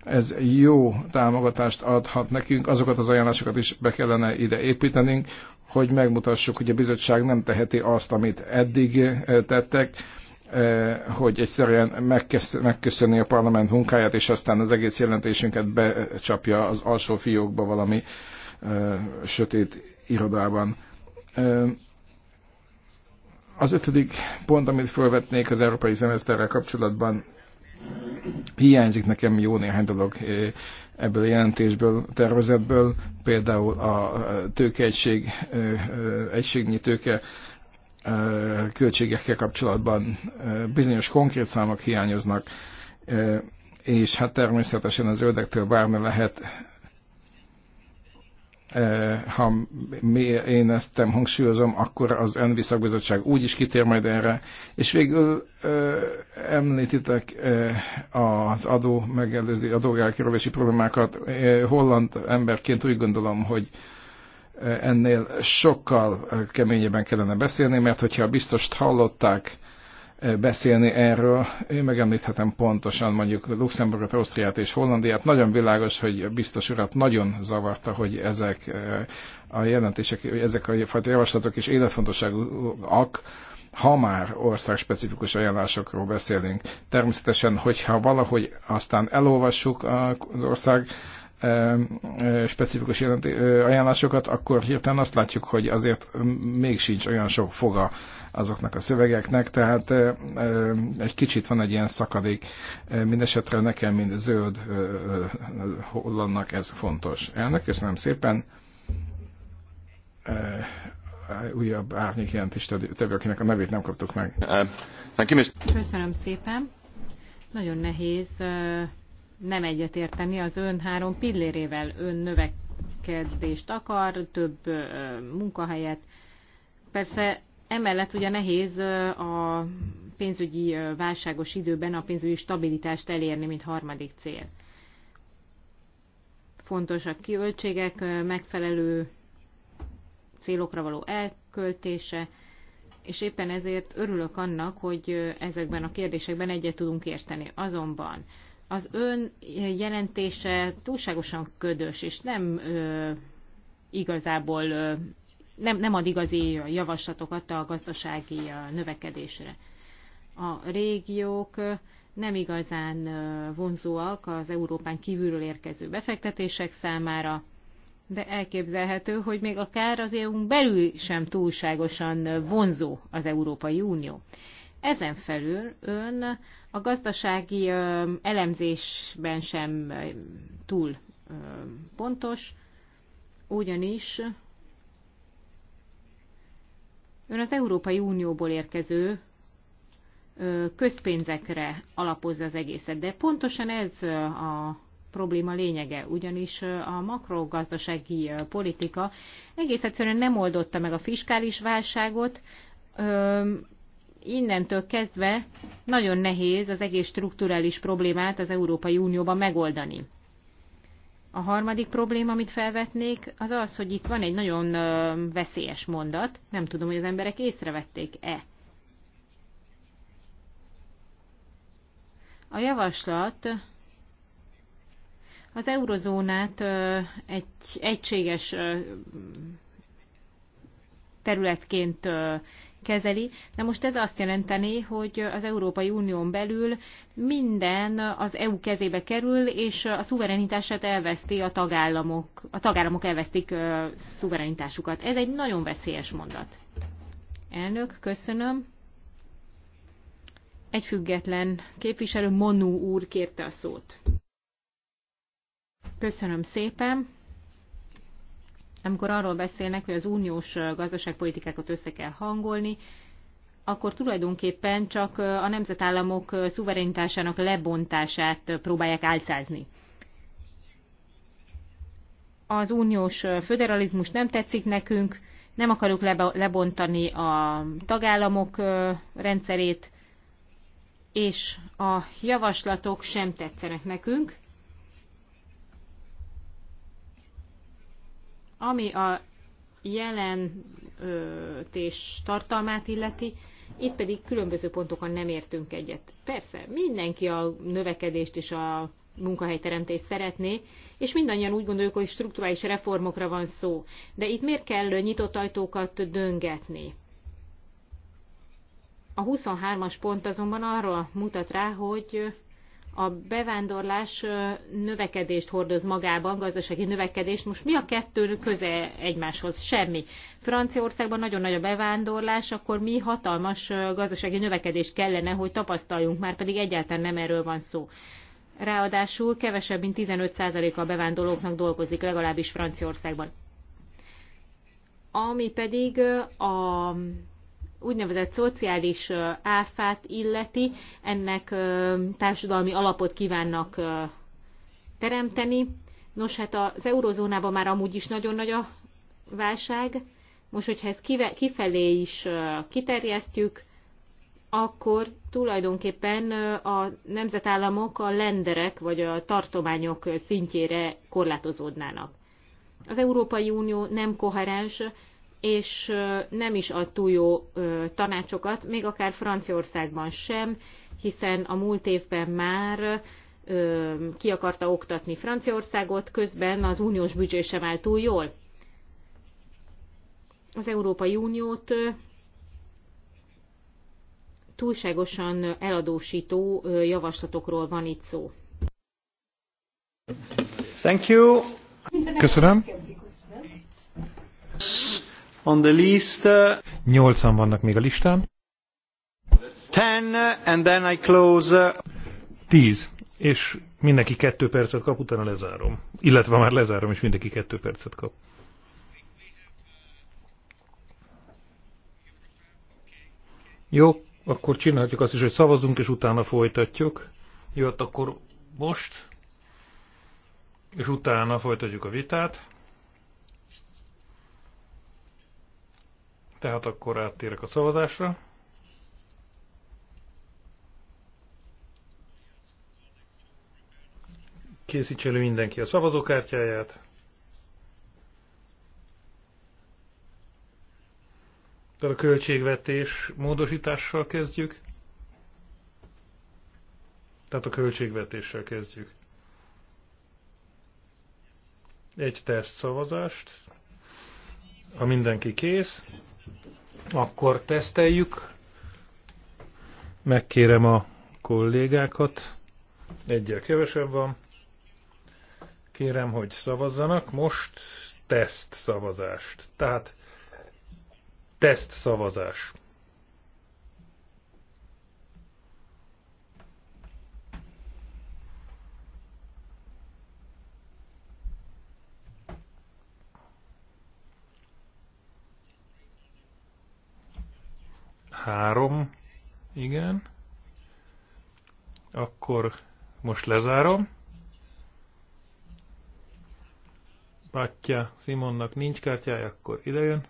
ez jó támogatást adhat nekünk, azokat az ajánlásokat is be kellene ide építenünk, hogy megmutassuk, hogy a bizottság nem teheti azt, amit eddig tettek, Eh, hogy egyszerűen megköszöni a parlament munkáját, és aztán az egész jelentésünket becsapja az alsó fiókba valami eh, sötét irodában. Eh, az ötödik pont, amit felvetnék az európai szemeszterrel kapcsolatban, hiányzik nekem jó néhány dolog ebből a jelentésből, tervezetből, például a tőkeegység, egységnyi tőke költségekkel kapcsolatban bizonyos konkrét számok hiányoznak, és hát természetesen az zöldektől várni lehet, ha én ezt nem hangsúlyozom, akkor az ENVI szakbizottság úgy is kitér majd erre. És végül említitek az adó megelőző adóelkerülési problémákat. Holland emberként úgy gondolom, hogy ennél sokkal keményebben kellene beszélni, mert hogyha biztost hallották eh, beszélni erről, én megemlíthetem pontosan mondjuk Luxemburgot, Ausztriát és Hollandiát. Nagyon világos, hogy biztos urat nagyon zavarta, hogy ezek eh, a jelentések, ezek a fajta javaslatok is életfontosságúak, ha már országspecifikus ajánlásokról beszélünk. Természetesen, hogyha valahogy aztán elolvassuk az ország specifikus jelenti, ajánlásokat, akkor hirtelen azt látjuk, hogy azért még sincs olyan sok foga azoknak a szövegeknek, tehát egy kicsit van egy ilyen szakadék. Mindenesetre nekem, mint zöld hollannak ez fontos. Elnök, köszönöm szépen. Újabb árnyék jelentéstevő, akinek a nevét nem kaptuk meg. Köszönöm szépen. Nagyon nehéz nem egyetérteni az ön három pillérével. Ön növekedést akar, több munkahelyet. Persze emellett ugye nehéz a pénzügyi válságos időben a pénzügyi stabilitást elérni, mint harmadik cél. Fontos a költségek megfelelő célokra való elköltése, és éppen ezért örülök annak, hogy ezekben a kérdésekben egyet tudunk érteni. Azonban az ön jelentése túlságosan ködös, és nem ö, igazából ö, nem, nem ad igazi javaslatokat a gazdasági növekedésre. A régiók nem igazán vonzóak az Európán kívülről érkező befektetések számára, de elképzelhető, hogy még akár az EU-n belül sem túlságosan vonzó az Európai Unió. Ezen felül ön a gazdasági elemzésben sem túl pontos, ugyanis ön az Európai Unióból érkező közpénzekre alapozza az egészet. De pontosan ez a probléma lényege, ugyanis a makrogazdasági politika egész egyszerűen nem oldotta meg a fiskális válságot, innentől kezdve nagyon nehéz az egész strukturális problémát az Európai Unióban megoldani. A harmadik probléma, amit felvetnék, az az, hogy itt van egy nagyon veszélyes mondat, nem tudom, hogy az emberek észrevették-e. A javaslat az eurozónát egy egységes területként kezeli. Na most ez azt jelenteni, hogy az Európai Unión belül minden az EU kezébe kerül, és a szuverenitását elveszti a tagállamok, a tagállamok elvesztik szuverenitásukat. Ez egy nagyon veszélyes mondat. Elnök, köszönöm. Egy független képviselő, Monu úr kérte a szót. Köszönöm szépen amikor arról beszélnek, hogy az uniós gazdaságpolitikákat össze kell hangolni, akkor tulajdonképpen csak a nemzetállamok szuverenitásának lebontását próbálják álcázni. Az uniós föderalizmus nem tetszik nekünk, nem akarjuk lebontani a tagállamok rendszerét, és a javaslatok sem tetszenek nekünk, Ami a jelentés tartalmát illeti, itt pedig különböző pontokon nem értünk egyet. Persze, mindenki a növekedést és a munkahelyteremtést szeretné, és mindannyian úgy gondoljuk, hogy struktúrális reformokra van szó. De itt miért kell nyitott ajtókat döngetni? A 23-as pont azonban arra mutat rá, hogy a bevándorlás növekedést hordoz magában, gazdasági növekedést. Most mi a kettő köze egymáshoz? Semmi. Franciaországban nagyon nagy a bevándorlás, akkor mi hatalmas gazdasági növekedést kellene, hogy tapasztaljunk, már pedig egyáltalán nem erről van szó. Ráadásul kevesebb, mint 15% a bevándorlóknak dolgozik, legalábbis Franciaországban. Ami pedig a úgynevezett szociális áfát illeti, ennek társadalmi alapot kívánnak teremteni. Nos, hát az eurozónában már amúgy is nagyon nagy a válság. Most, hogyha ezt kifelé is kiterjesztjük, akkor tulajdonképpen a nemzetállamok a lenderek vagy a tartományok szintjére korlátozódnának. Az Európai Unió nem koherens, és nem is ad túl jó tanácsokat, még akár Franciaországban sem, hiszen a múlt évben már ki akarta oktatni Franciaországot, közben az uniós büdzsé sem áll túl jól. Az Európai Uniót túlságosan eladósító javaslatokról van itt szó. Thank you. Köszönöm on the list. Uh, Nyolcan vannak még a listán. Ten, and then I close. Uh, Tíz, és mindenki kettő percet kap, utána lezárom. Illetve már lezárom, és mindenki kettő percet kap. Jó, akkor csináljuk azt is, hogy szavazunk, és utána folytatjuk. Jó, hát akkor most, és utána folytatjuk a vitát. Tehát akkor áttérek a szavazásra. Készíts elő mindenki a szavazókártyáját. a költségvetés módosítással kezdjük. Tehát a költségvetéssel kezdjük. Egy teszt szavazást. Ha mindenki kész, akkor teszteljük. Megkérem a kollégákat. Egyel kevesebb van. Kérem, hogy szavazzanak. Most teszt szavazást. Tehát teszt szavazást. 3, igen. Akkor most lezárom. Bátyja Simonnak nincs kártyája, akkor idejön.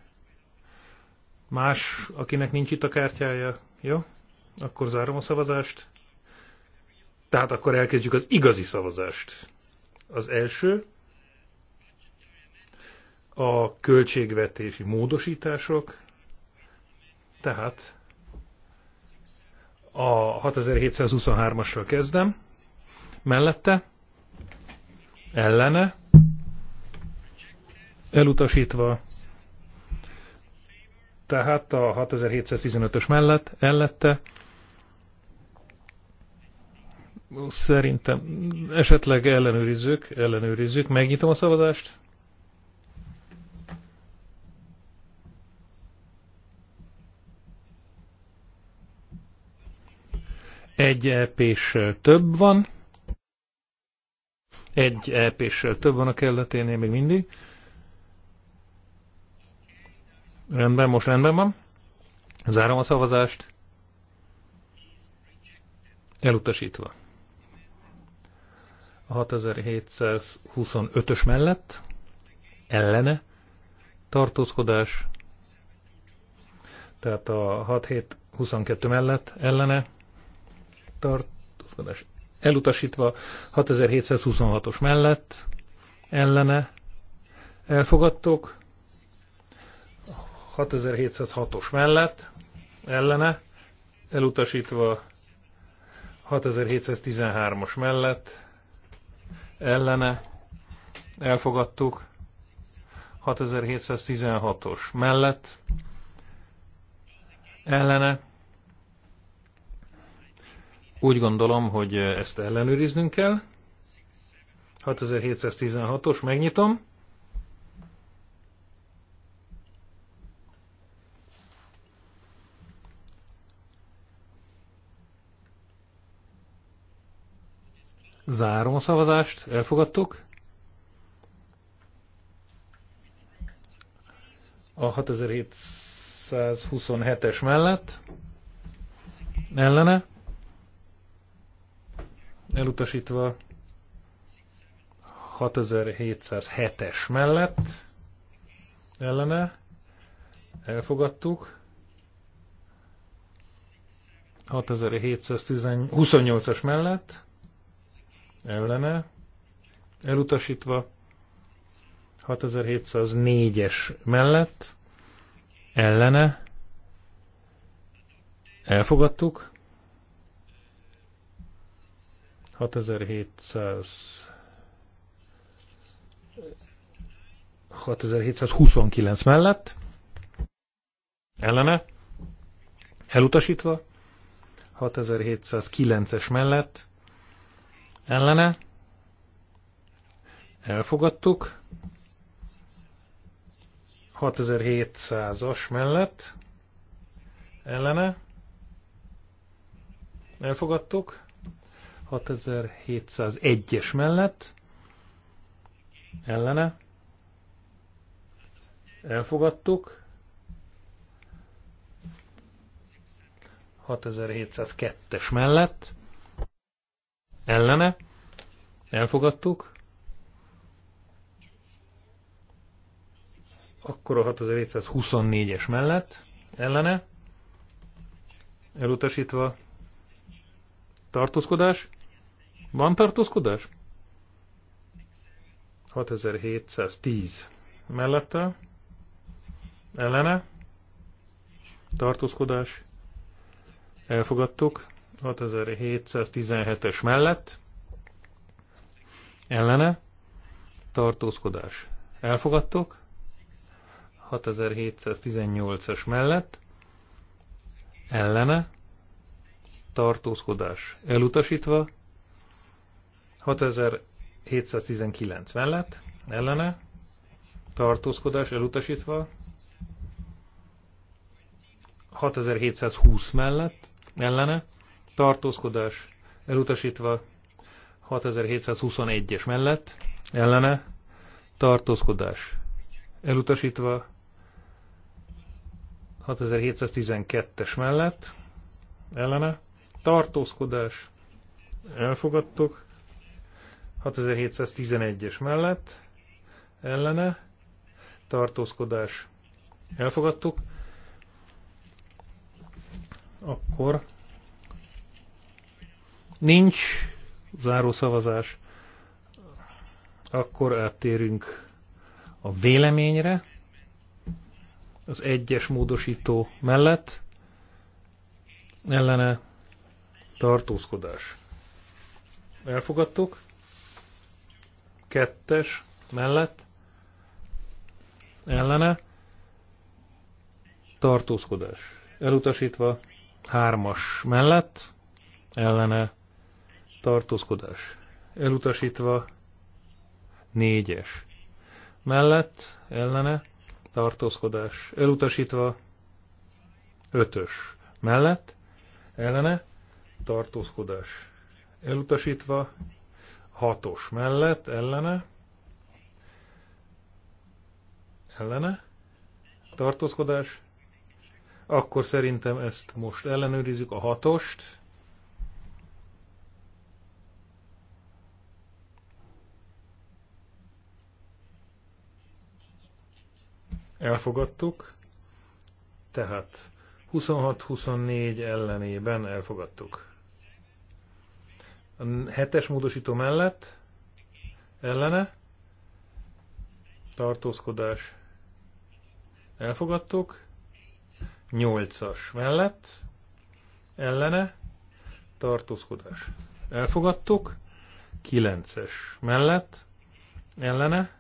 Más, akinek nincs itt a kártyája, jó? Akkor zárom a szavazást. Tehát akkor elkezdjük az igazi szavazást. Az első, a költségvetési módosítások, tehát a 6723-assal kezdem, mellette, ellene, elutasítva, tehát a 6715-ös mellett, ellette, szerintem esetleg ellenőrizzük, ellenőrizzük, megnyitom a szavazást, Egy ep több van. Egy ep több van a kelleténél még mindig. Rendben, most rendben van. Zárom a szavazást. Elutasítva. A 6725-ös mellett ellene tartózkodás, tehát a 6722 mellett ellene tartózkodás elutasítva, 6726-os mellett, ellene elfogadtok, 6706-os mellett, ellene elutasítva, 6713 os mellett, ellene elfogadtuk, 6716-os mellett, ellene úgy gondolom, hogy ezt ellenőriznünk kell. 6716-os, megnyitom. Zárom a szavazást, elfogadtuk. A 6727-es mellett ellene elutasítva 6707-es mellett ellene elfogadtuk. 6728-as mellett ellene elutasítva 6704-es mellett ellene elfogadtuk 6700 6729 mellett ellene elutasítva 6709-es mellett ellene elfogadtuk 6700-as mellett ellene elfogadtuk 6701-es mellett ellene elfogadtuk. 6702-es mellett ellene elfogadtuk. Akkor a 6724-es mellett ellene elutasítva tartózkodás van tartózkodás? 6710 mellette, ellene, tartózkodás, elfogadtuk, 6717-es mellett, ellene, tartózkodás, elfogadtuk, 6718-es mellett, ellene, tartózkodás, elutasítva, 6719 mellett, ellene, tartózkodás elutasítva, 6720 mellett, ellene, tartózkodás elutasítva, 6721-es mellett, ellene, tartózkodás elutasítva, 6712-es mellett, ellene, tartózkodás, elfogadtuk, 6711-es mellett ellene tartózkodás elfogadtuk, akkor nincs zárószavazás, akkor áttérünk a véleményre, az egyes módosító mellett ellene tartózkodás. Elfogadtuk kettes mellett ellene tartózkodás elutasítva, hármas mellett ellene tartózkodás elutasítva, négyes mellett ellene tartózkodás elutasítva, ötös mellett ellene tartózkodás elutasítva, hatos mellett ellene, ellene, tartózkodás, akkor szerintem ezt most ellenőrizzük, a hatost. Elfogadtuk, tehát 26-24 ellenében elfogadtuk. A hetes módosító mellett ellene tartózkodás elfogadtuk. Nyolcas mellett ellene tartózkodás elfogadtuk. Kilences mellett ellene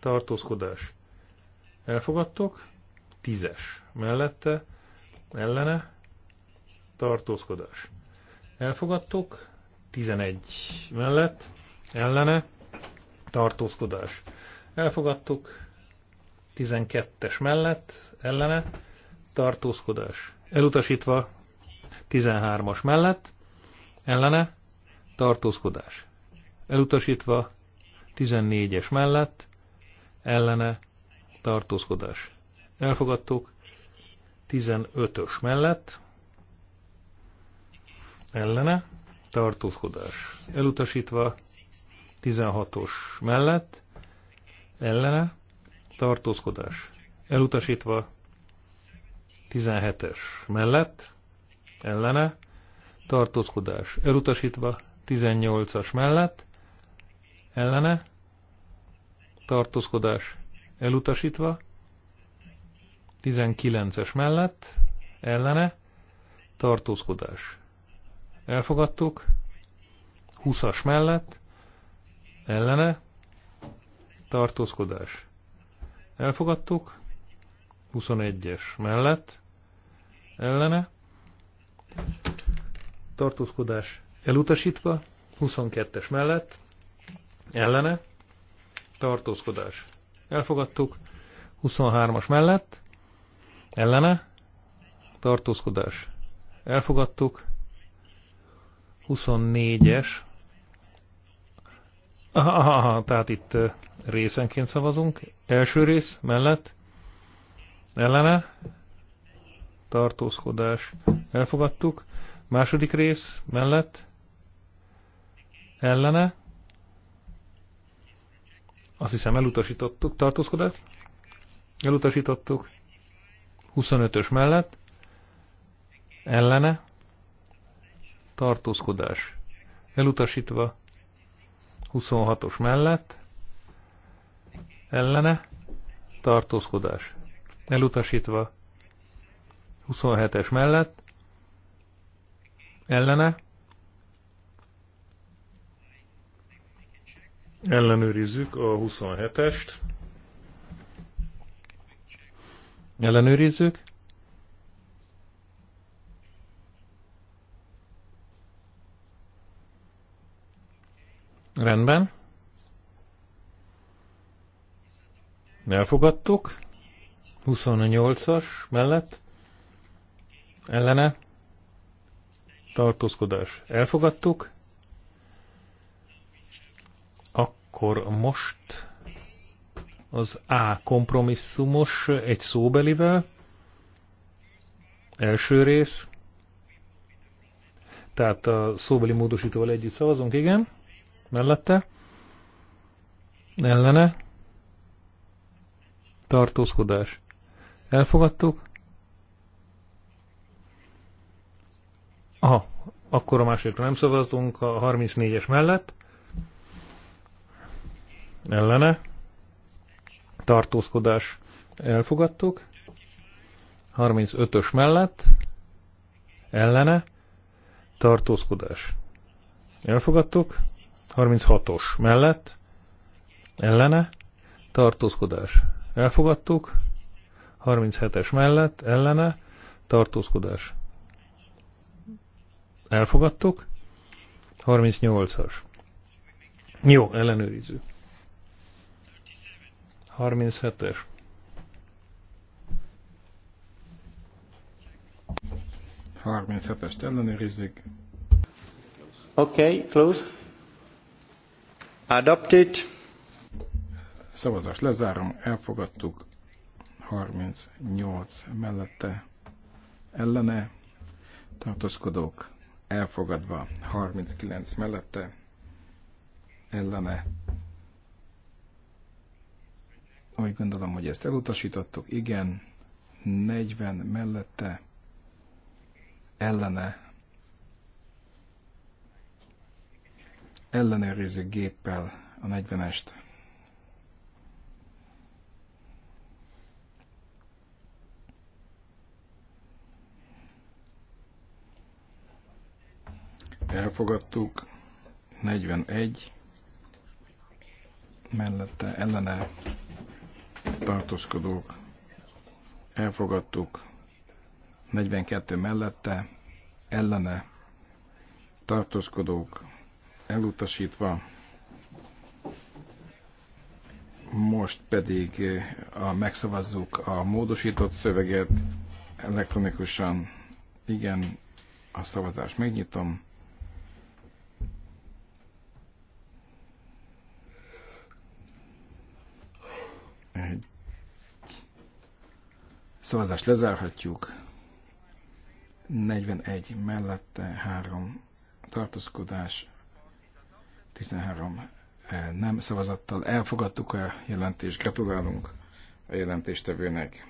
tartózkodás elfogadtuk. Tízes mellette ellene tartózkodás elfogadtuk. 11 mellett, ellene, tartózkodás. Elfogadtuk, 12-es mellett, ellene, tartózkodás. Elutasítva, 13-as mellett, ellene, tartózkodás. Elutasítva, 14-es mellett, ellene, tartózkodás. Elfogadtuk, 15-ös mellett, ellene, tartózkodás elutasítva, 16-os mellett, ellene, tartózkodás elutasítva, 17-es mellett, ellene, tartózkodás elutasítva, 18-as mellett, ellene, tartózkodás elutasítva, 19-es mellett, ellene, tartózkodás elfogadtuk, 20-as mellett, ellene, tartózkodás, elfogadtuk, 21-es mellett, ellene, tartózkodás elutasítva, 22-es mellett, ellene, tartózkodás. Elfogadtuk, 23-as mellett, ellene, tartózkodás. Elfogadtuk, 24-es. Aha, aha, tehát itt részenként szavazunk. Első rész mellett. Ellene. Tartózkodás. Elfogadtuk. Második rész mellett. Ellene. Azt hiszem elutasítottuk. Tartózkodás. Elutasítottuk. 25-ös mellett. Ellene tartózkodás elutasítva, 26-os mellett, ellene, tartózkodás elutasítva, 27-es mellett, ellene, ellenőrizzük a 27-est, ellenőrizzük, rendben. Elfogadtuk. 28-as mellett. Ellene. Tartózkodás. Elfogadtuk. Akkor most az A kompromisszumos egy szóbelivel. Első rész. Tehát a szóbeli módosítóval együtt szavazunk, igen mellette, ellene, tartózkodás. Elfogadtuk. Aha, akkor a másikra nem szavazunk, a 34-es mellett. Ellene. Tartózkodás. Elfogadtuk. 35-ös mellett. Ellene. Tartózkodás. Elfogadtuk. 36-os mellett, ellene, tartózkodás. Elfogadtuk. 37-es mellett, ellene, tartózkodás. Elfogadtuk. 38-as. Jó, ellenőrizzük. 37-es. Harminchetest ellenőrizzük. Oké, okay, close. Adopted. Szavazást lezárom, elfogadtuk. 38 mellette ellene tartózkodók elfogadva 39 mellette ellene úgy gondolom, hogy ezt elutasítottuk, igen, 40 mellette ellene ellenőrző géppel a 40-est. Elfogadtuk. 41 mellette ellene tartózkodók. Elfogadtuk. 42 mellette ellene tartózkodók elutasítva. Most pedig eh, a megszavazzuk a módosított szöveget elektronikusan. Igen, a szavazást megnyitom. Egy szavazást lezárhatjuk. 41 mellette 3 tartózkodás 13 eh, nem szavazattal elfogadtuk a jelentést. Gratulálunk a jelentéstevőnek.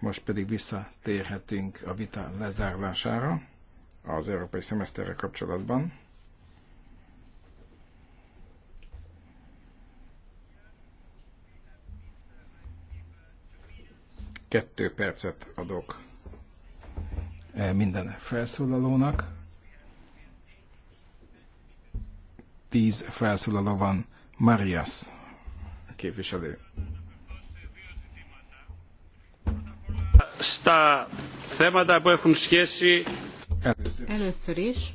Most pedig visszatérhetünk a vita lezárlására az európai szemeszterre kapcsolatban. Kettő percet adok eh, minden felszólalónak. tíz felszólaló van. Marias képviselő. Először is.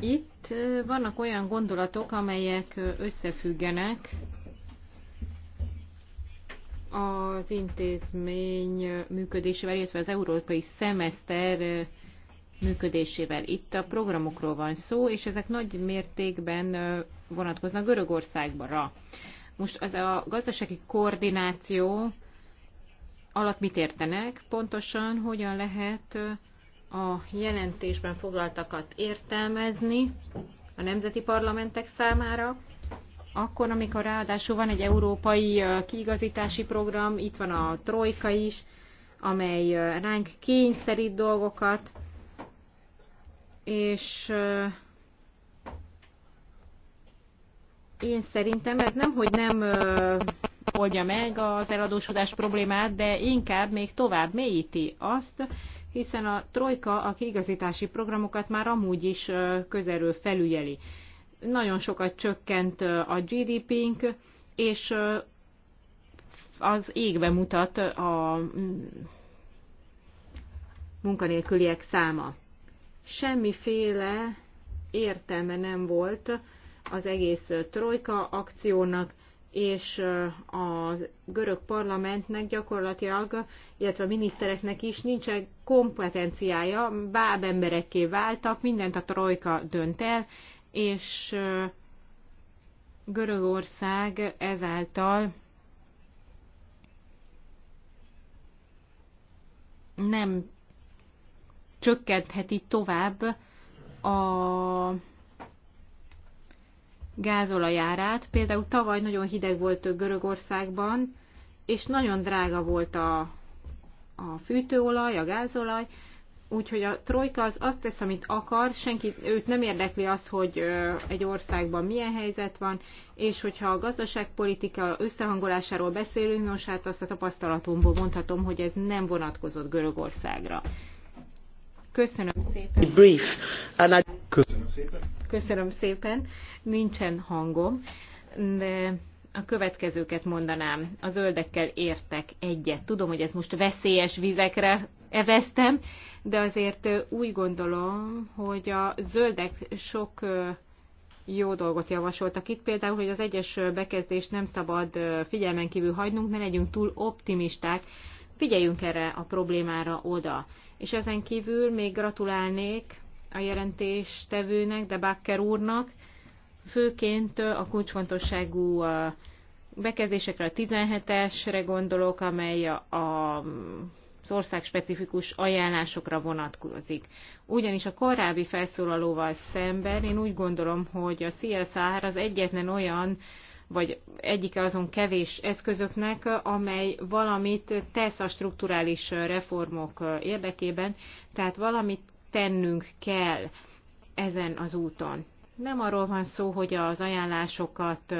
Itt vannak olyan gondolatok, amelyek összefüggenek az intézmény működésével, illetve az európai szemeszter működésével. Itt a programokról van szó, és ezek nagy mértékben vonatkoznak Görögországbra. Most az a gazdasági koordináció alatt mit értenek? Pontosan hogyan lehet a jelentésben foglaltakat értelmezni a nemzeti parlamentek számára, akkor, amikor ráadásul van egy európai kiigazítási program, itt van a trojka is, amely ránk kényszerít dolgokat, és én szerintem ez nem, hogy nem oldja meg az eladósodás problémát, de inkább még tovább mélyíti azt, hiszen a trojka a kiigazítási programokat már amúgy is közelről felügyeli. Nagyon sokat csökkent a GDP-nk, és az égbe mutat a mm, munkanélküliek száma semmiféle értelme nem volt az egész trojka akciónak, és a görög parlamentnek gyakorlatilag, illetve a minisztereknek is nincsen kompetenciája, báb emberekké váltak, mindent a trojka dönt el, és Görögország ezáltal nem csökkentheti tovább a gázolajárát. Például tavaly nagyon hideg volt Görögországban, és nagyon drága volt a, a fűtőolaj, a gázolaj, úgyhogy a trojka az azt tesz, amit akar, senki, őt nem érdekli az, hogy egy országban milyen helyzet van, és hogyha a gazdaságpolitika összehangolásáról beszélünk, nos hát azt a tapasztalatomból mondhatom, hogy ez nem vonatkozott Görögországra. Köszönöm szépen. Brief. Köszönöm szépen. Köszönöm szépen. Nincsen hangom, de a következőket mondanám. A zöldekkel értek egyet. Tudom, hogy ez most veszélyes vizekre eveztem, de azért úgy gondolom, hogy a zöldek sok jó dolgot javasoltak itt, például, hogy az egyes bekezdést nem szabad figyelmen kívül hagynunk, ne legyünk túl optimisták, figyeljünk erre a problémára oda és ezen kívül még gratulálnék a jelentéstevőnek, de Bakker úrnak, főként a kulcsfontosságú bekezdésekre, a 17-esre gondolok, amely a, a az ország specifikus ajánlásokra vonatkozik. Ugyanis a korábbi felszólalóval szemben én úgy gondolom, hogy a CSR az egyetlen olyan vagy egyike azon kevés eszközöknek, amely valamit tesz a strukturális reformok érdekében, tehát valamit tennünk kell ezen az úton. Nem arról van szó, hogy az ajánlásokat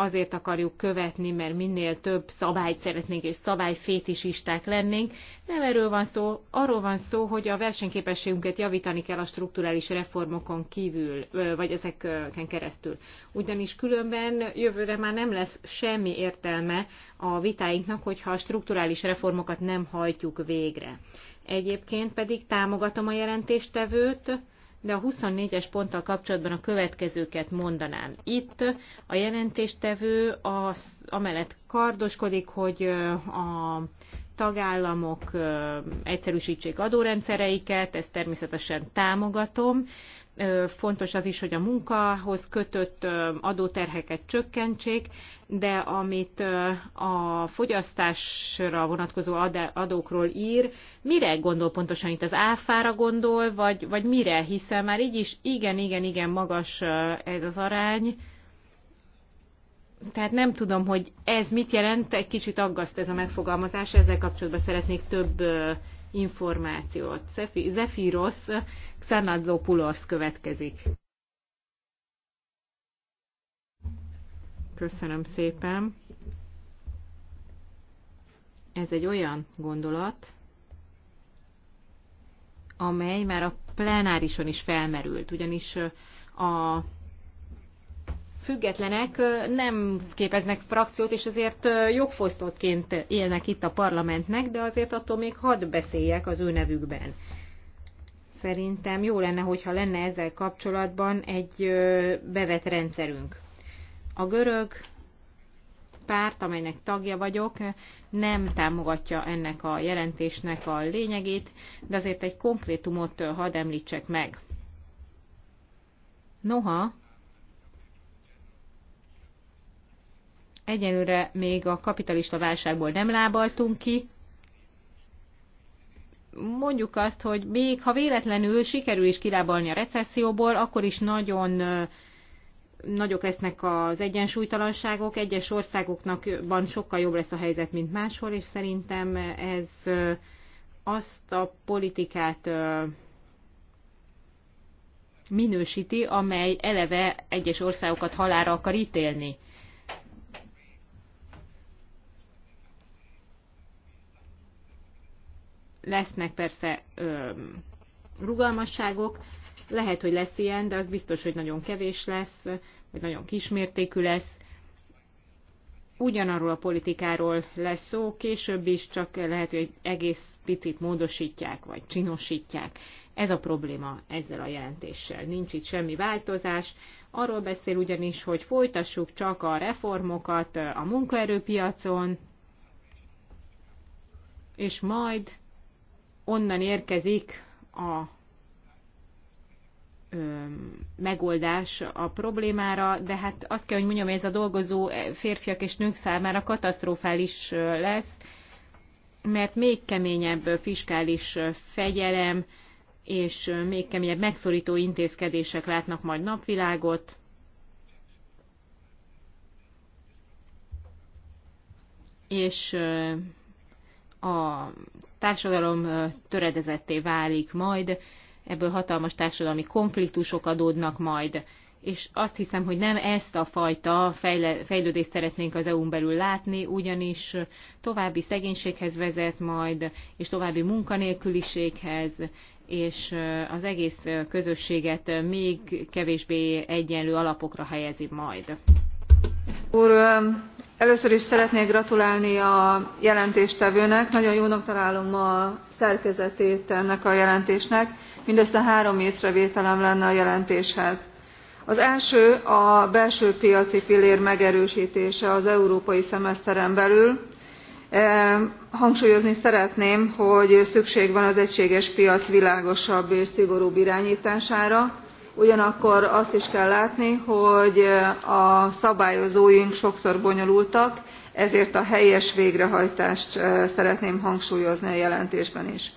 azért akarjuk követni, mert minél több szabályt szeretnénk, és szabályfétisisták lennénk. Nem erről van szó, arról van szó, hogy a versenyképességünket javítani kell a strukturális reformokon kívül, vagy ezeken keresztül. Ugyanis különben jövőre már nem lesz semmi értelme a vitáinknak, hogyha a strukturális reformokat nem hajtjuk végre. Egyébként pedig támogatom a jelentéstevőt, de a 24-es ponttal kapcsolatban a következőket mondanám. Itt a jelentéstevő az, amellett kardoskodik, hogy a tagállamok egyszerűsítsék adórendszereiket, ezt természetesen támogatom, fontos az is, hogy a munkahoz kötött adóterheket csökkentsék, de amit a fogyasztásra vonatkozó adókról ír, mire gondol pontosan itt az áfára gondol, vagy, vagy mire, hiszen már így is igen, igen, igen magas ez az arány. Tehát nem tudom, hogy ez mit jelent, egy kicsit aggaszt ez a megfogalmazás, ezzel kapcsolatban szeretnék több információt. Zephyros Xanadzopoulos következik. Köszönöm szépen. Ez egy olyan gondolat, amely már a plenárison is felmerült, ugyanis a függetlenek nem képeznek frakciót, és azért jogfosztottként élnek itt a parlamentnek, de azért attól még hadd beszéljek az ő nevükben. Szerintem jó lenne, hogyha lenne ezzel kapcsolatban egy bevet rendszerünk. A görög párt, amelynek tagja vagyok, nem támogatja ennek a jelentésnek a lényegét, de azért egy konkrétumot hadd említsek meg. Noha, Egyelőre még a kapitalista válságból nem lábaltunk ki. Mondjuk azt, hogy még ha véletlenül sikerül is kilábalni a recesszióból, akkor is nagyon nagyok lesznek az egyensúlytalanságok, egyes országoknak, van sokkal jobb lesz a helyzet, mint máshol, és szerintem ez azt a politikát minősíti, amely eleve egyes országokat halára akar ítélni. lesznek persze ö, rugalmasságok, lehet, hogy lesz ilyen, de az biztos, hogy nagyon kevés lesz, vagy nagyon kismértékű lesz. Ugyanarról a politikáról lesz szó, később is, csak lehet, hogy egész picit módosítják, vagy csinosítják. Ez a probléma ezzel a jelentéssel. Nincs itt semmi változás. Arról beszél ugyanis, hogy folytassuk csak a reformokat a munkaerőpiacon, és majd onnan érkezik a megoldás a problémára, de hát azt kell, hogy mondjam, hogy ez a dolgozó férfiak és nők számára katasztrofális lesz, mert még keményebb fiskális fegyelem és még keményebb megszorító intézkedések látnak majd napvilágot. És a társadalom töredezetté válik majd, ebből hatalmas társadalmi konfliktusok adódnak majd, és azt hiszem, hogy nem ezt a fajta fejlődést szeretnénk az EU-n belül látni, ugyanis további szegénységhez vezet majd, és további munkanélküliséghez, és az egész közösséget még kevésbé egyenlő alapokra helyezi majd. Úr, először is szeretnék gratulálni a jelentéstevőnek nagyon jónak találom a szerkezetét ennek a jelentésnek mindössze három észrevételem lenne a jelentéshez. az első a belső piaci pillér megerőstése az európai szemeszteren belül. E, hangsúlyozni szeretném hogy szükség van az egységes piac világosabb és szigorúbb iránytására ugyanakkor azt is kell látni hogy a szabályozóink sokszor bonyolultak ezért a helyes végrehajtást szeretném hangsúlyozni a jelentésben is.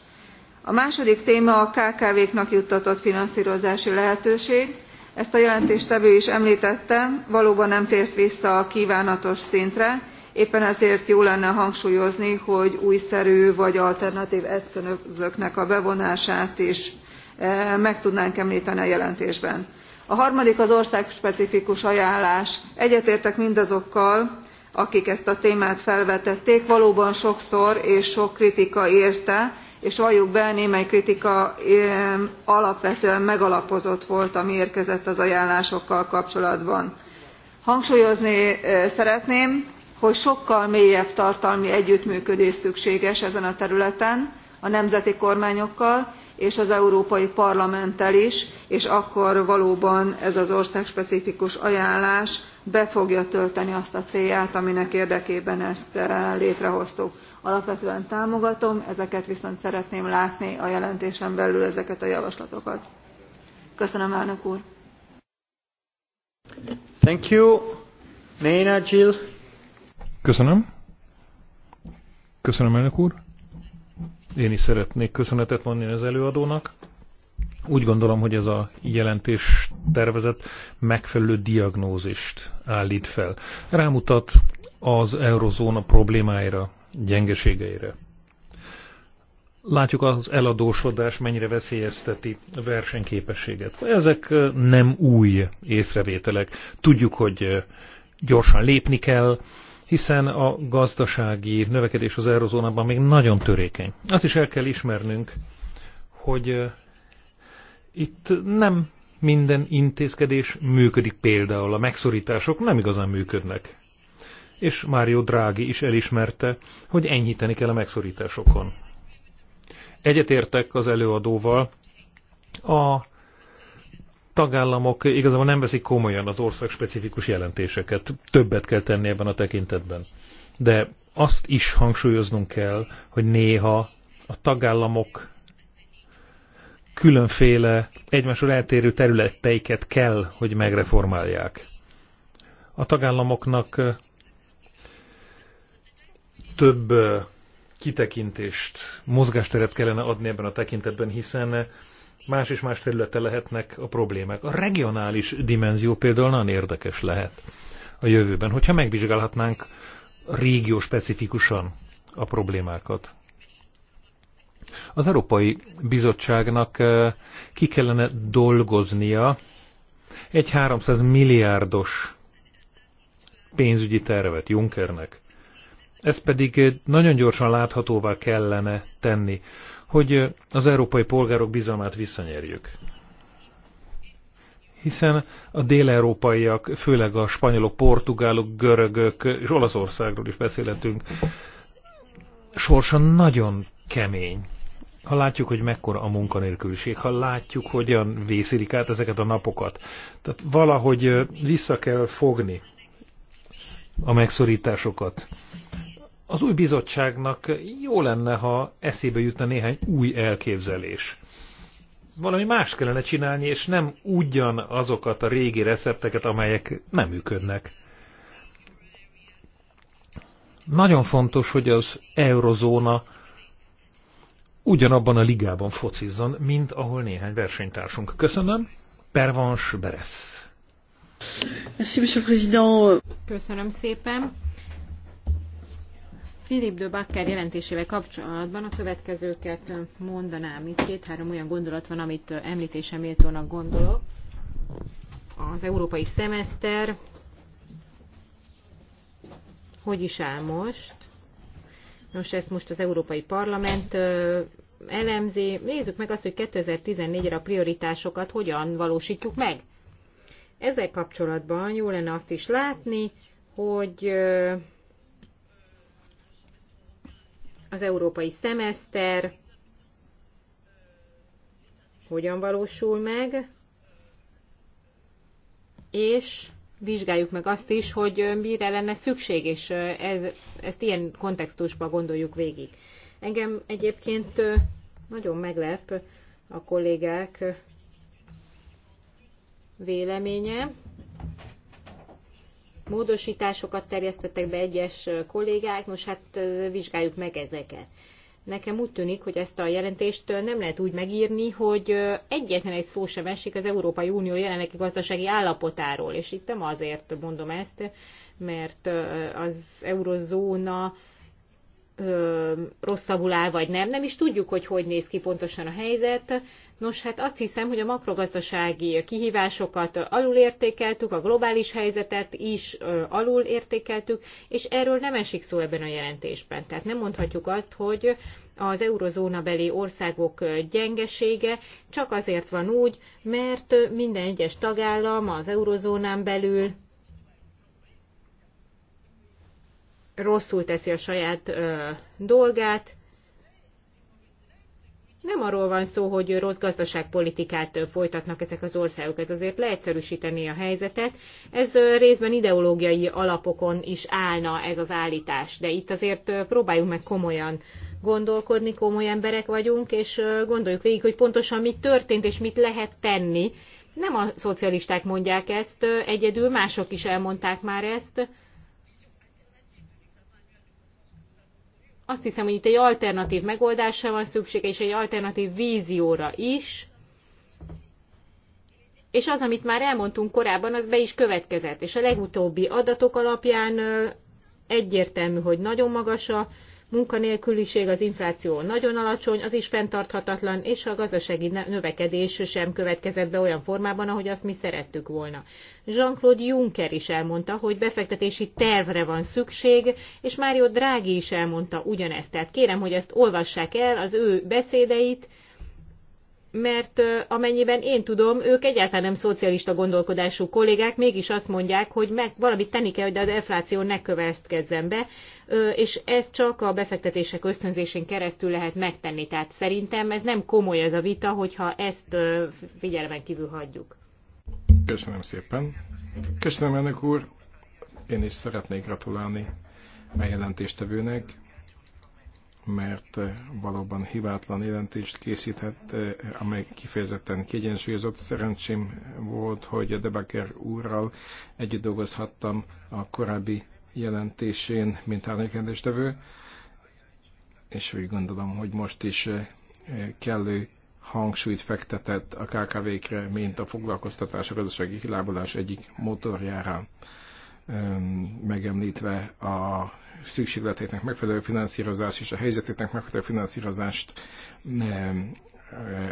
a második téma a kkv knak juttatott finanszrozási lehetőség ezt a jelentéstevő is emltette valóban nem tért vissza a kvánatos szintre éppen ezért jó lenne hangsúlyozni hogy újszerű vagy alternatv eszközöknek a bevonását is Eh, meg tudnánk emlteni a jelentésben. a harmadik az országspecifikus ajánlás. egyetértek mindazokkal akik ezt a témát felvetették valóban sokszor és sok kritika érte és valljuk be némely kritika eh, alapvetően megalapozott volt ami érkezett az ajánlásokkal kapcsolatban. hangsúlyozni eh, szeretném hogy sokkal mélyebb tartalmi együttműködés szükséges ezen a területen a nemzeti kormányokkal és az európai parlamenttel is és akkor valóban ez az országspecifikus ajánlás be fogja tölteni azt a célját aminek érdekében ezt eh, létrehoztuk. alapvetően támogatom ezeket viszont szeretném látni a jelentésen belül ezeket a javaslatokat. köszönöm elnök úr! Thank you. Néna Jill. Köszönöm. Köszönöm, elnök úr. Én is szeretnék köszönetet mondani az előadónak. Úgy gondolom, hogy ez a jelentés tervezet megfelelő diagnózist állít fel. Rámutat az eurozóna problémáira, gyengeségeire. Látjuk az eladósodás mennyire veszélyezteti a versenyképességet. Ezek nem új észrevételek. Tudjuk, hogy gyorsan lépni kell, hiszen a gazdasági növekedés az eurozónában még nagyon törékeny. Azt is el kell ismernünk, hogy itt nem minden intézkedés működik, például a megszorítások nem igazán működnek. És Mário Draghi is elismerte, hogy enyhíteni kell a megszorításokon. Egyetértek az előadóval, a tagállamok igazából nem veszik komolyan az ország specifikus jelentéseket. Többet kell tenni ebben a tekintetben. De azt is hangsúlyoznunk kell, hogy néha a tagállamok különféle egymásról eltérő területeiket kell, hogy megreformálják. A tagállamoknak több kitekintést, mozgásteret kellene adni ebben a tekintetben, hiszen más és más területe lehetnek a problémák. A regionális dimenzió például nagyon érdekes lehet a jövőben, hogyha megvizsgálhatnánk régió specifikusan a problémákat. Az Európai Bizottságnak eh, ki kellene dolgoznia egy 300 milliárdos pénzügyi tervet Junckernek. Ezt pedig eh, nagyon gyorsan láthatóvá kellene tenni, hogy az európai polgárok bizalmát visszanyerjük. Hiszen a déleurópaiak, főleg a spanyolok, portugálok, görögök és Olaszországról is beszélhetünk, sorsa nagyon kemény. Ha látjuk, hogy mekkora a munkanélküliség, ha látjuk, hogyan vészilik át ezeket a napokat. Tehát valahogy vissza kell fogni a megszorításokat az új bizottságnak jó lenne, ha eszébe jutna néhány új elképzelés. Valami más kellene csinálni, és nem ugyan azokat a régi recepteket, amelyek nem működnek. Nagyon fontos, hogy az eurozóna ugyanabban a ligában focizzon, mint ahol néhány versenytársunk. Köszönöm. Pervans Beresz. Köszönöm szépen. Philip de Bakker jelentésével kapcsolatban a következőket mondanám. Itt két-három olyan gondolat van, amit említése méltónak gondolok. Az európai szemeszter, hogy is áll most? Nos, ezt most az Európai Parlament elemzi. Nézzük meg azt, hogy 2014-re a prioritásokat hogyan valósítjuk meg. Ezzel kapcsolatban jó lenne azt is látni, hogy az európai szemeszter hogyan valósul meg, és vizsgáljuk meg azt is, hogy mire lenne szükség, és ez, ezt ilyen kontextusban gondoljuk végig. Engem egyébként nagyon meglep a kollégák véleménye, módosításokat terjesztettek be egyes kollégák, most hát vizsgáljuk meg ezeket. Nekem úgy tűnik, hogy ezt a jelentést nem lehet úgy megírni, hogy egyetlen egy szó sem esik az Európai Unió jelenlegi gazdasági állapotáról, és itt nem azért mondom ezt, mert az eurozóna rosszabbul áll, vagy nem. Nem is tudjuk, hogy hogy néz ki pontosan a helyzet. Nos, hát azt hiszem, hogy a makrogazdasági kihívásokat alulértékeltük, a globális helyzetet is alulértékeltük, és erről nem esik szó ebben a jelentésben. Tehát nem mondhatjuk azt, hogy az beli országok gyengesége csak azért van úgy, mert minden egyes tagállam az eurozónán belül rosszul teszi a saját ö, dolgát. Nem arról van szó, hogy rossz gazdaságpolitikát folytatnak ezek az országok, ez azért leegyszerűsíteni a helyzetet. Ez részben ideológiai alapokon is állna ez az állítás, de itt azért próbáljunk meg komolyan gondolkodni, komoly emberek vagyunk, és gondoljuk végig, hogy pontosan mi történt és mit lehet tenni. Nem a szocialisták mondják ezt egyedül, mások is elmondták már ezt azt hiszem, hogy itt egy alternatív megoldásra van szükség, és egy alternatív vízióra is. És az, amit már elmondtunk korábban, az be is következett. És a legutóbbi adatok alapján egyértelmű, hogy nagyon magas a munkanélküliség, az infláció nagyon alacsony, az is fenntarthatatlan, és a gazdasági növekedés sem következett be olyan formában, ahogy azt mi szerettük volna. Jean-Claude Juncker is elmondta, hogy befektetési tervre van szükség, és Mário Draghi is elmondta ugyanezt. Tehát kérem, hogy ezt olvassák el, az ő beszédeit, mert amennyiben én tudom, ők egyáltalán nem szocialista gondolkodású kollégák, mégis azt mondják, hogy meg, valamit tenni kell, hogy a defláció ne következzen be, és ez csak a befektetések ösztönzésén keresztül lehet megtenni. Tehát szerintem ez nem komoly ez a vita, hogyha ezt figyelmen kívül hagyjuk. Köszönöm szépen. Köszönöm, elnök úr. Én is szeretnék gratulálni a jelentéstevőnek mert eh, valóban hibátlan jelentést készített, eh, amely kifejezetten kiegyensúlyozott. Szerencsém volt, hogy a Debaker úrral együtt dolgozhattam a korábbi jelentésén, mint árnyékrendestevő, és úgy gondolom, hogy most is eh, kellő hangsúlyt fektetett a KKV-kre, mint a foglalkoztatás a gazdasági kilábalás egyik motorjára megemlítve a szükségletének megfelelő finanszírozás és a helyzetének megfelelő finanszírozást,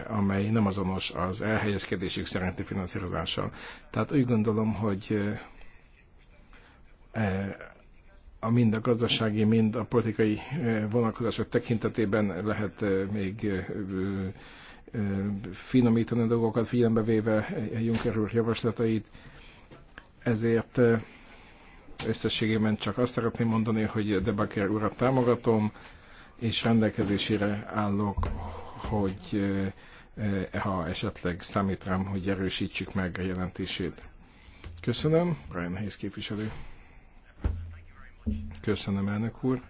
amely nem azonos az elhelyezkedésük szerinti finanszírozással. Tehát úgy gondolom, hogy a mind a gazdasági, mind a politikai vonalkozások tekintetében lehet még finomítani a dolgokat, figyelembe véve Juncker úr javaslatait. Ezért Összességében csak azt szeretném mondani, hogy Debaker urat támogatom, és rendelkezésére állok, hogy ha esetleg számít rám, hogy erősítsük meg a jelentését. Köszönöm, Ryan Hayes képviselő. Köszönöm, elnök úr.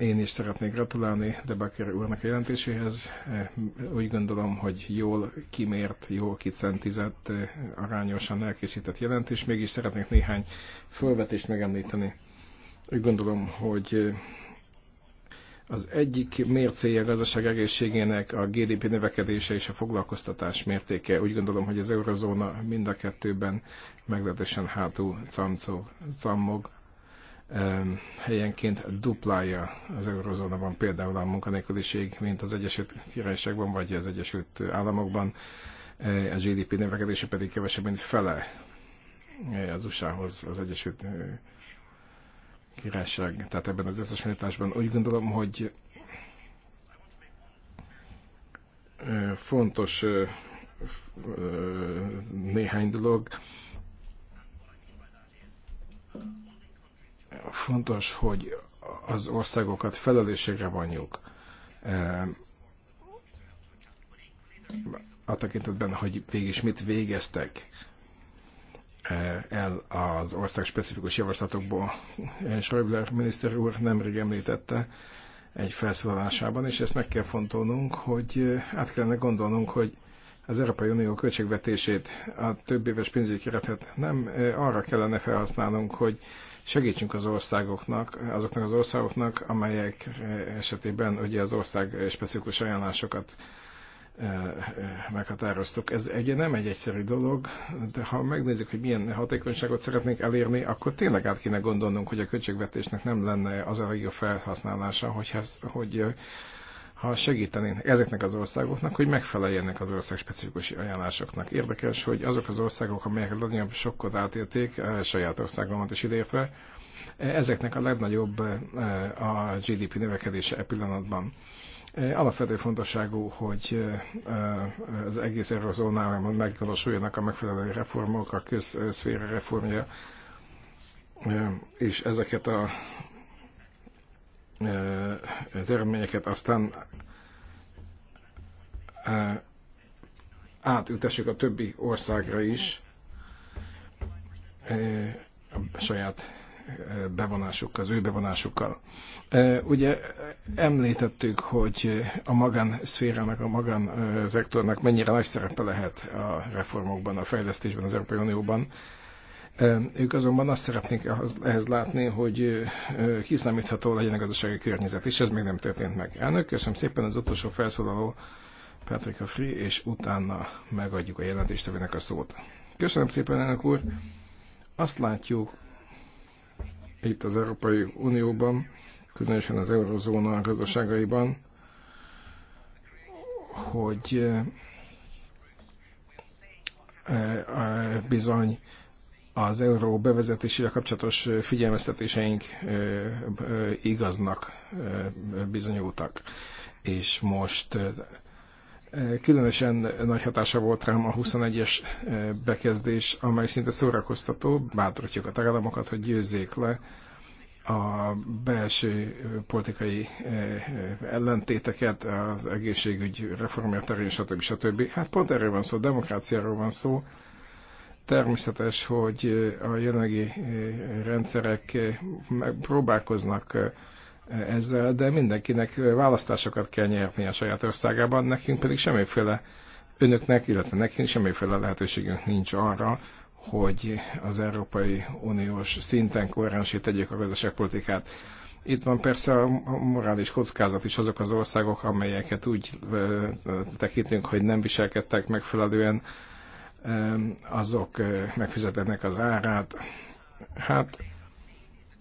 Én is szeretnék gratulálni Debaker úrnak a jelentéséhez. Úgy gondolom, hogy jól kimért, jól kicentizett, arányosan elkészített jelentés. Mégis szeretnék néhány felvetést megemlíteni. Úgy gondolom, hogy az egyik mércéje a gazdaság egészségének a GDP növekedése és a foglalkoztatás mértéke. Úgy gondolom, hogy az eurozóna mind a kettőben meglehetősen hátul cammog helyenként duplája az eurozónában például a munkanélküliség, mint az Egyesült Királyságban vagy az Egyesült Államokban, a GDP növekedése pedig kevesebb, mint fele az USA-hoz, az Egyesült Királyság. Tehát ebben az összehasonlításban úgy gondolom, hogy fontos néhány dolog fontos, hogy az országokat felelősségre vonjuk e, a tekintetben, hogy végig mit végeztek e, el az ország specifikus javaslatokból. Schäuble miniszter úr nemrég említette egy felszólalásában, és ezt meg kell fontolnunk, hogy e, át kellene gondolnunk, hogy az Európai Unió költségvetését, a több éves pénzügyi keretet nem arra kellene felhasználnunk, hogy segítsünk az országoknak, azoknak az országoknak, amelyek eh, esetében ugye az ország specifikus ajánlásokat eh, eh, meghatároztuk. Ez ugye nem egy egyszerű dolog, de ha megnézzük, hogy milyen hatékonyságot szeretnénk elérni, akkor tényleg át kéne gondolnunk, hogy a költségvetésnek nem lenne az elég a felhasználása, hogy, ez, hogy ha segítenénk ezeknek az országoknak, hogy megfeleljenek az ország specifikus ajánlásoknak. Érdekes, hogy azok az országok, amelyek a legnagyobb sokkot e saját országomat is ideértve, eh, ezeknek a legnagyobb eh, a GDP növekedése e pillanatban. Alapvető fontosságú, hogy az egész eurozónában megvalósuljanak a megfelelő reformok, a közszféra reformja, és ezeket a az eredményeket, aztán átültessük a többi országra is a saját bevonásukkal, az ő bevonásukkal. Ugye említettük, hogy a magánszférának, a magánszektornak mennyire nagy szerepe lehet a reformokban, a fejlesztésben az Európai Unióban. Ők azonban azt szeretnék ehhez látni, hogy kiszámítható legyen a gazdasági környezet, és ez még nem történt meg. Elnök, köszönöm szépen az utolsó felszólaló Patrika Free, és utána megadjuk a jelentéstevének a szót. Köszönöm szépen, elnök úr! Azt látjuk itt az Európai Unióban, különösen az eurozóna gazdaságaiban, hogy bizony az euró bevezetésével kapcsolatos figyelmeztetéseink igaznak bizonyultak. És most különösen nagy hatása volt rám a 21-es bekezdés, amely szinte szórakoztató, bátorítjuk a tagállamokat, hogy győzzék le a belső politikai ellentéteket, az egészségügy reformja terén, stb. stb. Hát pont erről van szó, demokráciáról van szó, Természetes, hogy eh, a jelenlegi eh, rendszerek eh, próbálkoznak ezzel, de mindenkinek választásokat kell nyerni a saját országában, nekünk pedig semmiféle önöknek, illetve nekünk semmiféle lehetőségünk nincs arra, hogy az Európai Uniós szinten koherensé tegyük a gazdaságpolitikát. Itt van persze a morális kockázat is azok az országok, amelyeket úgy tekintünk, hogy nem viselkedtek megfelelően azok megfizetetnek az árát. Hát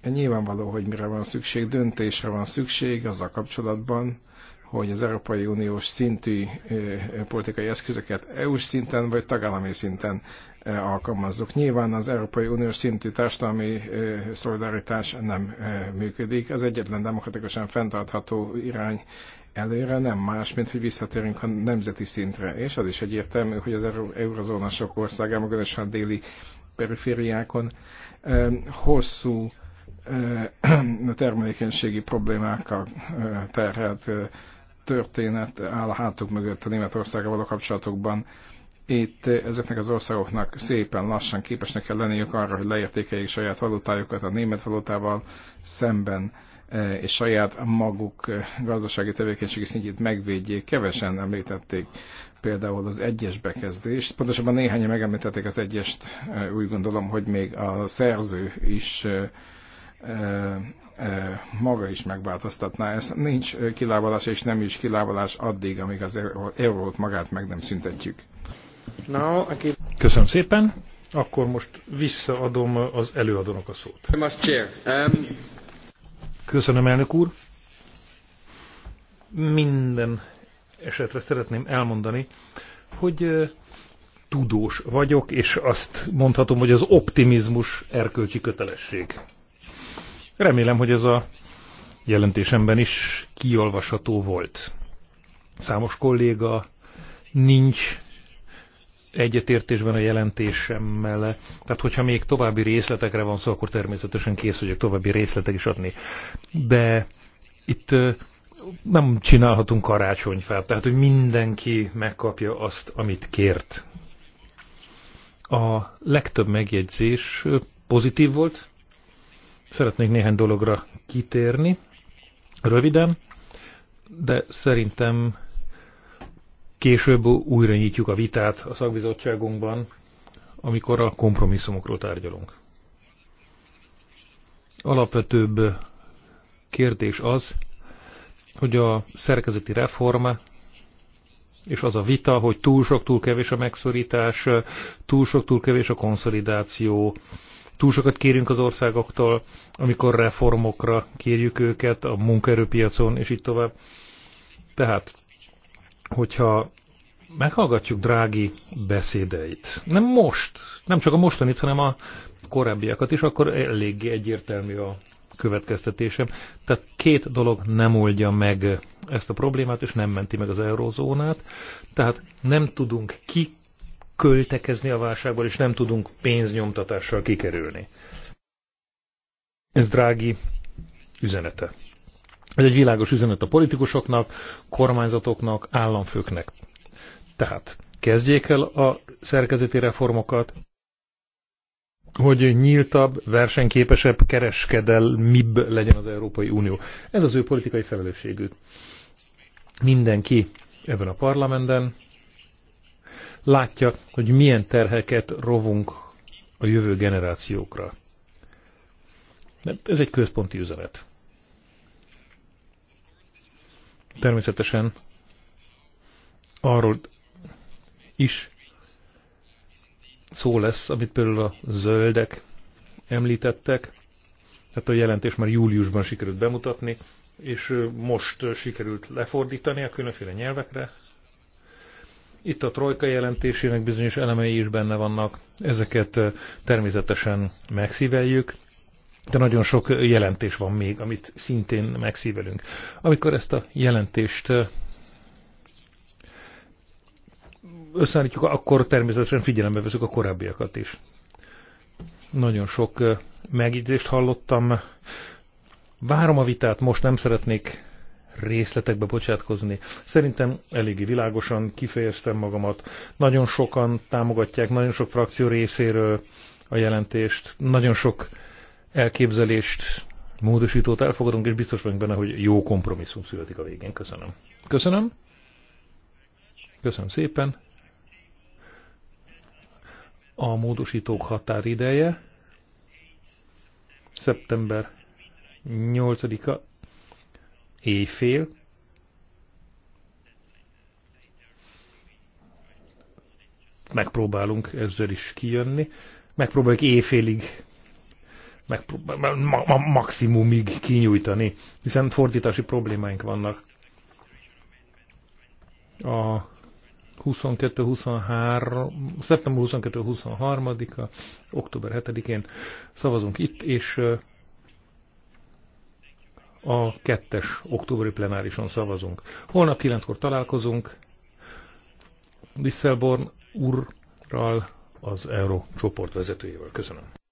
nyilvánvaló, hogy mire van szükség, döntésre van szükség az a kapcsolatban, hogy az Európai Uniós szintű politikai eszközöket EU-s szinten vagy tagállami szinten alkalmazzuk. Nyilván az Európai Uniós szintű társadalmi szolidaritás nem működik. Az egyetlen demokratikusan fenntartható irány előre, nem más, mint hogy visszatérünk a nemzeti szintre. És az is egyértelmű, hogy az eurozóna sok országában, különösen a déli perifériákon hosszú [CLEARS THROAT] termelékenységi problémákkal terhelt történet áll a hátuk mögött a Németországgal való kapcsolatokban. Itt ezeknek az országoknak szépen lassan képesnek kell lenniük arra, hogy leértékeljék saját valutájukat a német valutával szemben Eh, és saját maguk eh, gazdasági tevékenységi szintjét megvédjék. Kevesen említették például az egyes bekezdést. Pontosabban néhányan megemlítették az egyest, eh, úgy gondolom, hogy még a szerző is maga is megváltoztatná ezt. Nincs kilábalás, és nem is kilábalás addig, amíg az eurót magát meg nem szüntetjük. Now, okay. Köszönöm szépen. Akkor most visszaadom az előadónak a szót. Köszönöm, elnök úr. Minden esetre szeretném elmondani, hogy tudós vagyok, és azt mondhatom, hogy az optimizmus erkölcsi kötelesség. Remélem, hogy ez a jelentésemben is kiolvasható volt. Számos kolléga nincs egyetértésben a jelentésemmel. Tehát, hogyha még további részletekre van szó, akkor természetesen kész vagyok további részletek is adni. De itt nem csinálhatunk karácsonyfát, tehát, hogy mindenki megkapja azt, amit kért. A legtöbb megjegyzés pozitív volt. Szeretnék néhány dologra kitérni, röviden, de szerintem Később újra nyitjuk a vitát a szakbizottságunkban, amikor a kompromisszumokról tárgyalunk. Alapvetőbb kérdés az, hogy a szerkezeti reforma és az a vita, hogy túl sok, túl kevés a megszorítás, túl sok, túl kevés a konszolidáció, túl sokat kérünk az országoktól, amikor reformokra kérjük őket a munkaerőpiacon, és így tovább. Tehát hogyha meghallgatjuk drági beszédeit, nem most, nem csak a mostanit, hanem a korábbiakat is, akkor eléggé egyértelmű a következtetésem. Tehát két dolog nem oldja meg ezt a problémát, és nem menti meg az eurozónát. Tehát nem tudunk kiköltekezni a válságból, és nem tudunk pénznyomtatással kikerülni. Ez drági üzenete. Ez egy világos üzenet a politikusoknak, kormányzatoknak, államfőknek. Tehát kezdjék el a szerkezeti reformokat, hogy nyíltabb, versenyképesebb, kereskedelmibb legyen az Európai Unió. Ez az ő politikai felelősségük. Mindenki ebben a parlamenten látja, hogy milyen terheket rovunk a jövő generációkra. ez egy központi üzenet. természetesen arról is szó lesz, amit például a zöldek említettek, tehát a jelentés már júliusban sikerült bemutatni, és most sikerült lefordítani a különféle nyelvekre. Itt a trojka jelentésének bizonyos elemei is benne vannak, ezeket természetesen megszíveljük, de nagyon sok jelentés van még, amit szintén megszívelünk. Amikor ezt a jelentést összeállítjuk, akkor természetesen figyelembe veszük a korábbiakat is. Nagyon sok megjegyzést hallottam. Várom a vitát, most nem szeretnék részletekbe bocsátkozni. Szerintem eléggé világosan kifejeztem magamat. Nagyon sokan támogatják, nagyon sok frakció részéről a jelentést. Nagyon sok elképzelést, módosítót elfogadunk, és biztos vagyunk benne, hogy jó kompromisszum születik a végén. Köszönöm. Köszönöm. Köszönöm szépen. A módosítók határideje szeptember 8-a éjfél. Megpróbálunk ezzel is kijönni. Megpróbáljuk éjfélig ma, ma, maximumig kinyújtani, hiszen fordítási problémáink vannak. A 22-23, szeptember 22-23-a, október 7-én szavazunk itt, és a kettes októberi plenárison szavazunk. Holnap 9-kor találkozunk Disselborn úrral, az Euró csoport vezetőjével. Köszönöm.